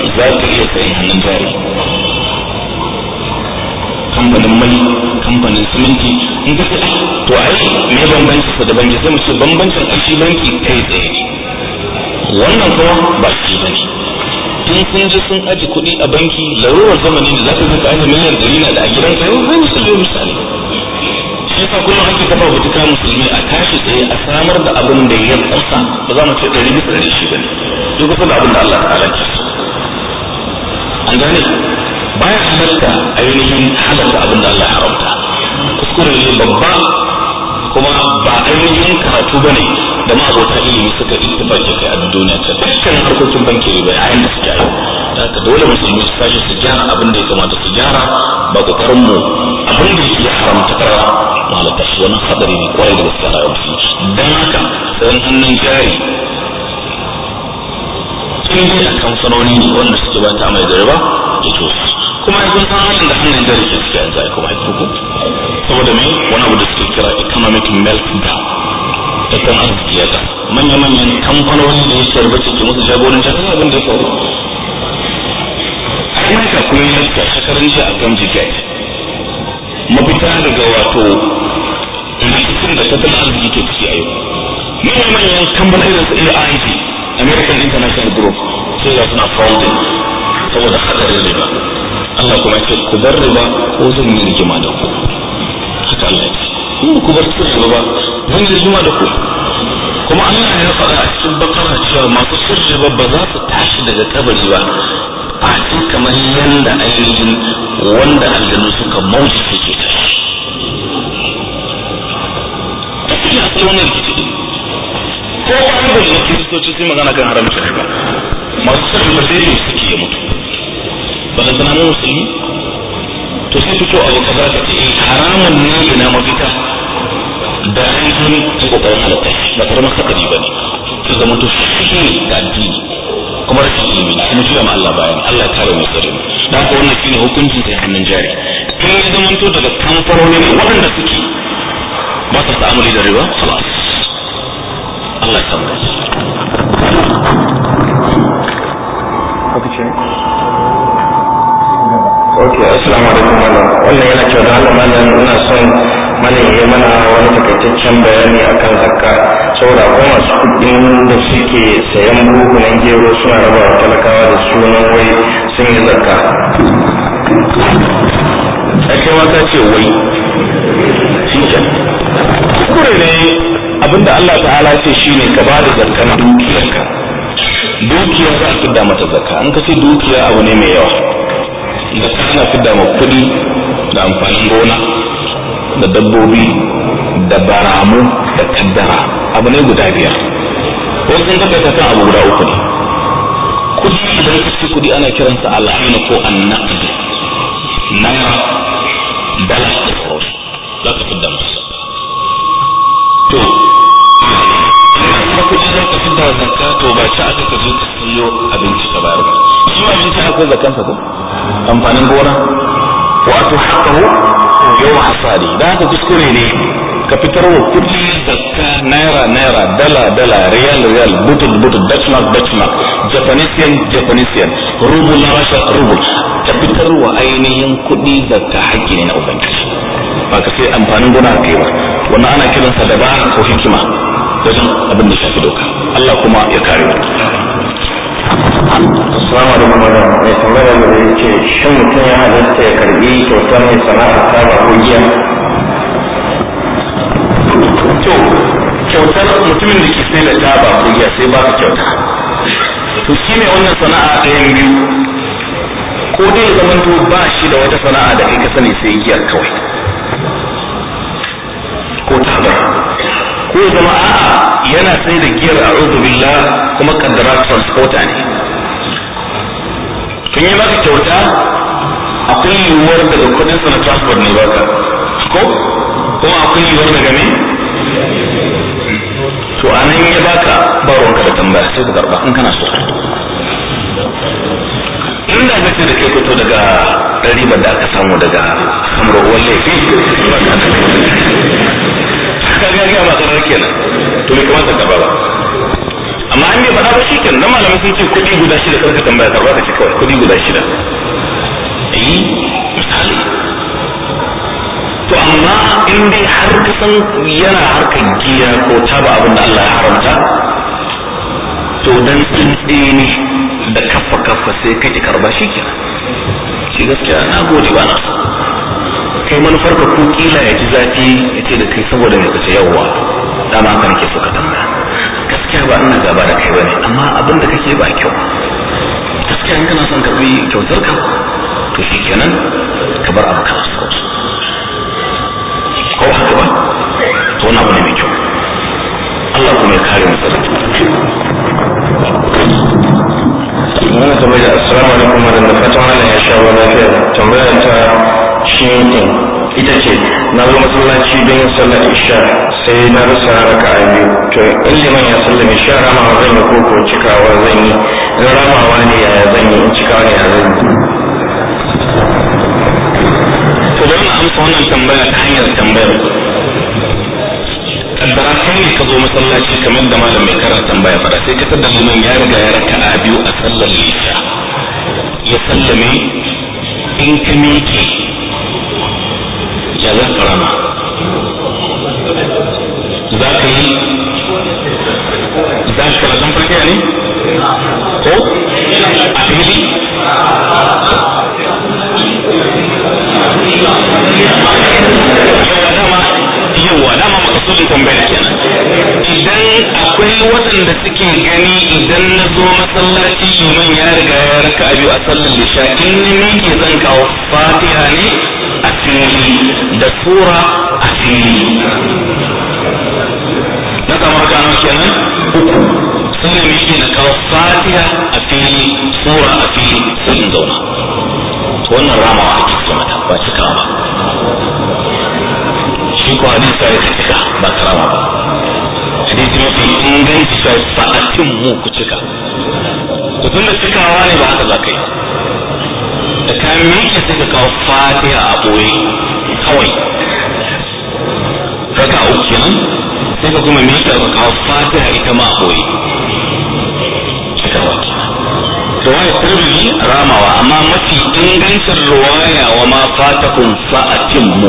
za ka iya sayan hannun jari kamfanin mai kamfanin siminti in ka sai ah, to ai me bambanci da banki sai mu ce bambancin ashi banki kai tsaye wannan kuma ba shi bane in sun ji sun aji kuɗi a banki larurar zamanin da za ka saka aji miliyan ɗari na da a gidan ka yau zai musulmi misali shi yasa kullum ake kafa butuka musulmi a kashi tsaye a samar da abin da ya tsarsa ba za mu ce ɗari bisa ɗari shi bane duk kusa da abin da Allah ta'ala ce an gane baya halarta ainihin halarta abin da Allah ya haramta kuskure ne babba kuma ba ainihin karatu ba ne da ma'abota ilimi suka ittifaki kai a duniya ta dukkan harkokin banki ba ya da su gyara da haka dole musulmi su tashi su gyara abin da ya kamata su gyara ba kokarin mu abin da ya haramta kara malaka shi wani hadari ne kwarai da gaske a rayuwar su dan haka sai hannun jari in dai a kamfanoni ne wanda suke ba ta mai da riba da to kuma yanzu san halin da hannun da rike suke yanzu aiko mai tuku saboda me wani abu da suke kira economic meltdown tattalin arziki ya ta manya-manyan kamfanoni da yake riba ce ke musu jagorin ta abin da ya faru amurka kuma ya ta shekarun jiya a gamji gate mafita daga wato rikicin da tattalin arziki ke ciki a yau manya-manyan kamfanin da su AIG American International Group sai da suna founding saboda hadarin riba Allah kuma ya ce ku bar riba ko zan yi rigima da ku haka Allah ya ce in ku bar cin riba zan yi rigima da ku kuma Allah ya faɗa a cikin bakara cewa masu cin riba ba za su tashi daga kabari ba a cikin kamar yanda ainihin wanda aljanu suka mauce suke tashi. Tafiya sai wani ko an bai kiristoci sai magana kan haramcin riba masu son riba sai ne suke ya mutu ba da tunanin musulmi to sai fito abu kaza ka ce eh, haramun ne ne na mafita da ainihin ta kokarin halatta ba tare masa kari ba ne ta zama to shi ne da addini kuma rashin ilimi ne kuma tura ma Allah bayan Allah ya kare mu da mu dan ko wannan shine hukuncin sai hannun jari kai ya zama to daga kamfanoni waɗanda suke ba su ta'amuli da riba khalas Allah ok assalamu alaikum malam wannan yana cewa da Allah malam ina son malam ya mana wani takaitaccen bayani akan zakka saboda akwai masu kuɗin da suke sayan buhunan gero suna raba wa talakawa da sunan wai sun yi zakka ake kai ce wai shi kuskure ne abinda Allah ta'ala ce shine ka ba da zakka na dukiyarka dukiya za a fidda mata zakka an kace dukiya abu ne mai yawa da ana fidda ma kuɗi da amfanin gona da dabbobi da baramu da kaddara abu ne guda biyar wasu sun taɓa ta abu guda uku ne kuɗi idan ka ce kuɗi ana kiransa al'ainu ko annaqd naira dala da sauri za ka fidda musu to farko shi za ka fi da zakka to ba ci aka ka zo ka siyo abinci ka bayar ba shi ma abinci akwai zakkansa ko amfanin gona wa atu haqqahu yawm hasadi da haka kuskure ne ka fitar wa kuɗi zakka naira naira dala dala riyal riyal butul butul dutchmark dutchmark japanese yen japanese yen rubul rasha rubul ka fitar wa ainihin kuɗi zakka hakki ne na ubangiji ba ka sai amfanin gona kai ba wannan ana kiransa dabara ko hikima wajen abin da shafi doka Allah kuma ya kare mu Assalamu alaikum madam mai tambaya mu yake shin mutum ya halatta ya karbi kyautar mai sana'a ta ba ko giya to kyautar mutumin da ke sai da ta ba ko giya sai ba ka kyauta to shi ne wannan sana'a ɗayan biyu ko dai zamanto ba shi da wata sana'a da kai ka sani sai giya kawai ko zama a'a yana sai da giyar a'udhu billah kuma kaddara transporter ne kun yi maka kyauta akwai yiwuwar daga kudin sa na transport ne ba ka ko kuma akwai yiwuwar daga ne to anan ya baka ba ka da tambaya sai ka karba in kana so in da ce da kai fito daga ba da aka samu daga samuwar wallafi ka ga ga ba karar kenan to bai kamata ka ba amma an ba shi kenan nan malamai sun ce kuɗi guda shida kar ka tambaya karba ka ce kawai guda shida eh misali to amma in dai har ka san yana harkar giya ko taba abin da Allah ya haramta to dan tsintsi da kafa kafa sai kake karba shi kenan shi gaskiya na gode ba na so kai manufar ka ko kila ya ji zafi ya ce da kai saboda ya kace yawwa dama haka nake so ka tambaya gaskiya ba ina gaba da kai bane amma abin da kake ba kyau gaskiya in kana son ka bi kyautar ka to shikenan ka bar abu kana so ko haka ba to na abu ne mai kyau Allah kuma ya kare mu da kamar da assalamu alaikum da fatan Allah ya sha wani lafiya tambayar ta shifin ita ce na zo masallaci don yin sallar isha sai na rasa raka a biyu to in liman ya sallame sha ramawa zan yi koko cikawa zan yi in ramawa ne yaya zan yi in cikawa ne yaya zan yi to don amsa wannan tambaya ta hanyar tambayar kaddara kai ne ka zo masallaci kamar da malam mai kara tambaya fara sai ka tada liman ya riga ya raka a biyu a sallar isha ya sallame in ka miƙe shagar karama za ka yi za ka karatun fatiha ne ko a fili yawa dama makasudin tambayar kenan idan akwai waɗanda suke gani idan na zo masallaci liman ya riga ya raka abu a sallar lisha in ni ke zan kawo fatiha ne a da sura a na kamar gano kenan uku sun ne mishi na kawo fatiha a fili sura a fili sai zauna wannan ramawa ake ce mata ba cika ba shi ko hadisi sai ka cika ba karama ba hadisi mafi inganci sai fa'atin mu ku cika ku tunda cikawa ne ba haka za ka yi da ka miƙe sai kawo fatiha a ɓoye kawai raka uku kenan sai ka kuma miƙe ka kawo fatiha ita ma a ɓoye riwaya tirmidhi ramawa amma mafi ingancin ya wa ma fatakum mu.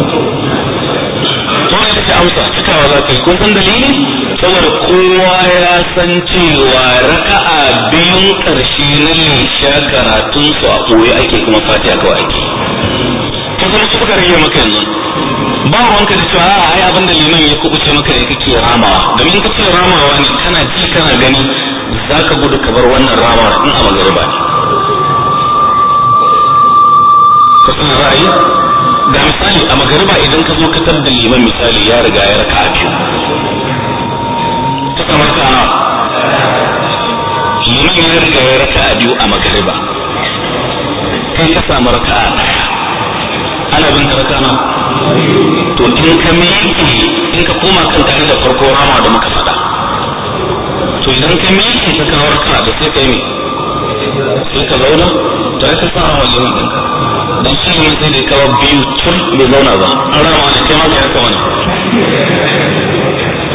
to ne ta amsa cikawa za ka yi kun san dalili saboda kowa ya san cewa raka'a biyun ƙarshe na lisha karatun su a koyi ake kuma fati a kawai ake Kasar su kuka rage maka yanzu ba wanka da cewa a ai abinda liman ya kubuce maka ne kake ramawa domin ka ce ramawa ne kana ji kana gani za ka gudu ka bar wannan ramawa in a magariba ne ka san ra'ayi ga misali a magariba idan ka zo ka tar da liman misali ya riga ya raka a biyu suka masa liman ya riga ya raka a biyu a magariba kai ka samu raka a ɗaya ana bin ka raka nan to in ka miƙe in ka koma kan tare da farko rama da muka faɗa to idan ka miƙe ka kawo raka da sai ka yi sai ka zauna to ai ka sa rama liman ɗinka dan shi ne sai da kawo biyu tun bai zauna ba an rama wani kai ma ka yarka wani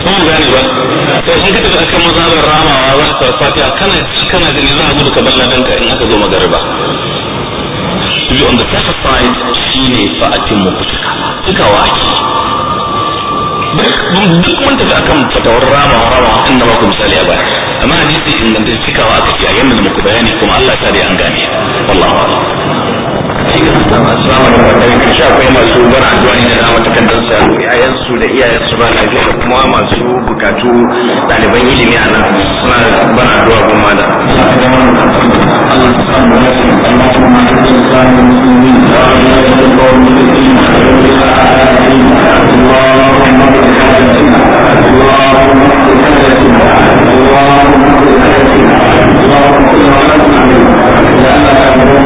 kuma gane ba to in ka tafi akan mazhabar ramawa za ka fatiha kana kana gani za a gudu ka balla danka in aka zo magariba to be on the safer side shine fa atin mu kutuka cikawa ake duk mun tafi akan fatawar ramawa ramawa inda ba ku misali a ba amma hadisi ingantacce cikawa aka ce a yanda da muku bayani kuma Allah ta sa dai an gane wallahi Assalamu alaikum da kan sha akwai masu bara addu'a ne da dama ta sa yayan su da iyayen su ba lafiya da kuma masu bukatu ɗaliban ilimi a nan suna bara addu'a kun kuma yi da ya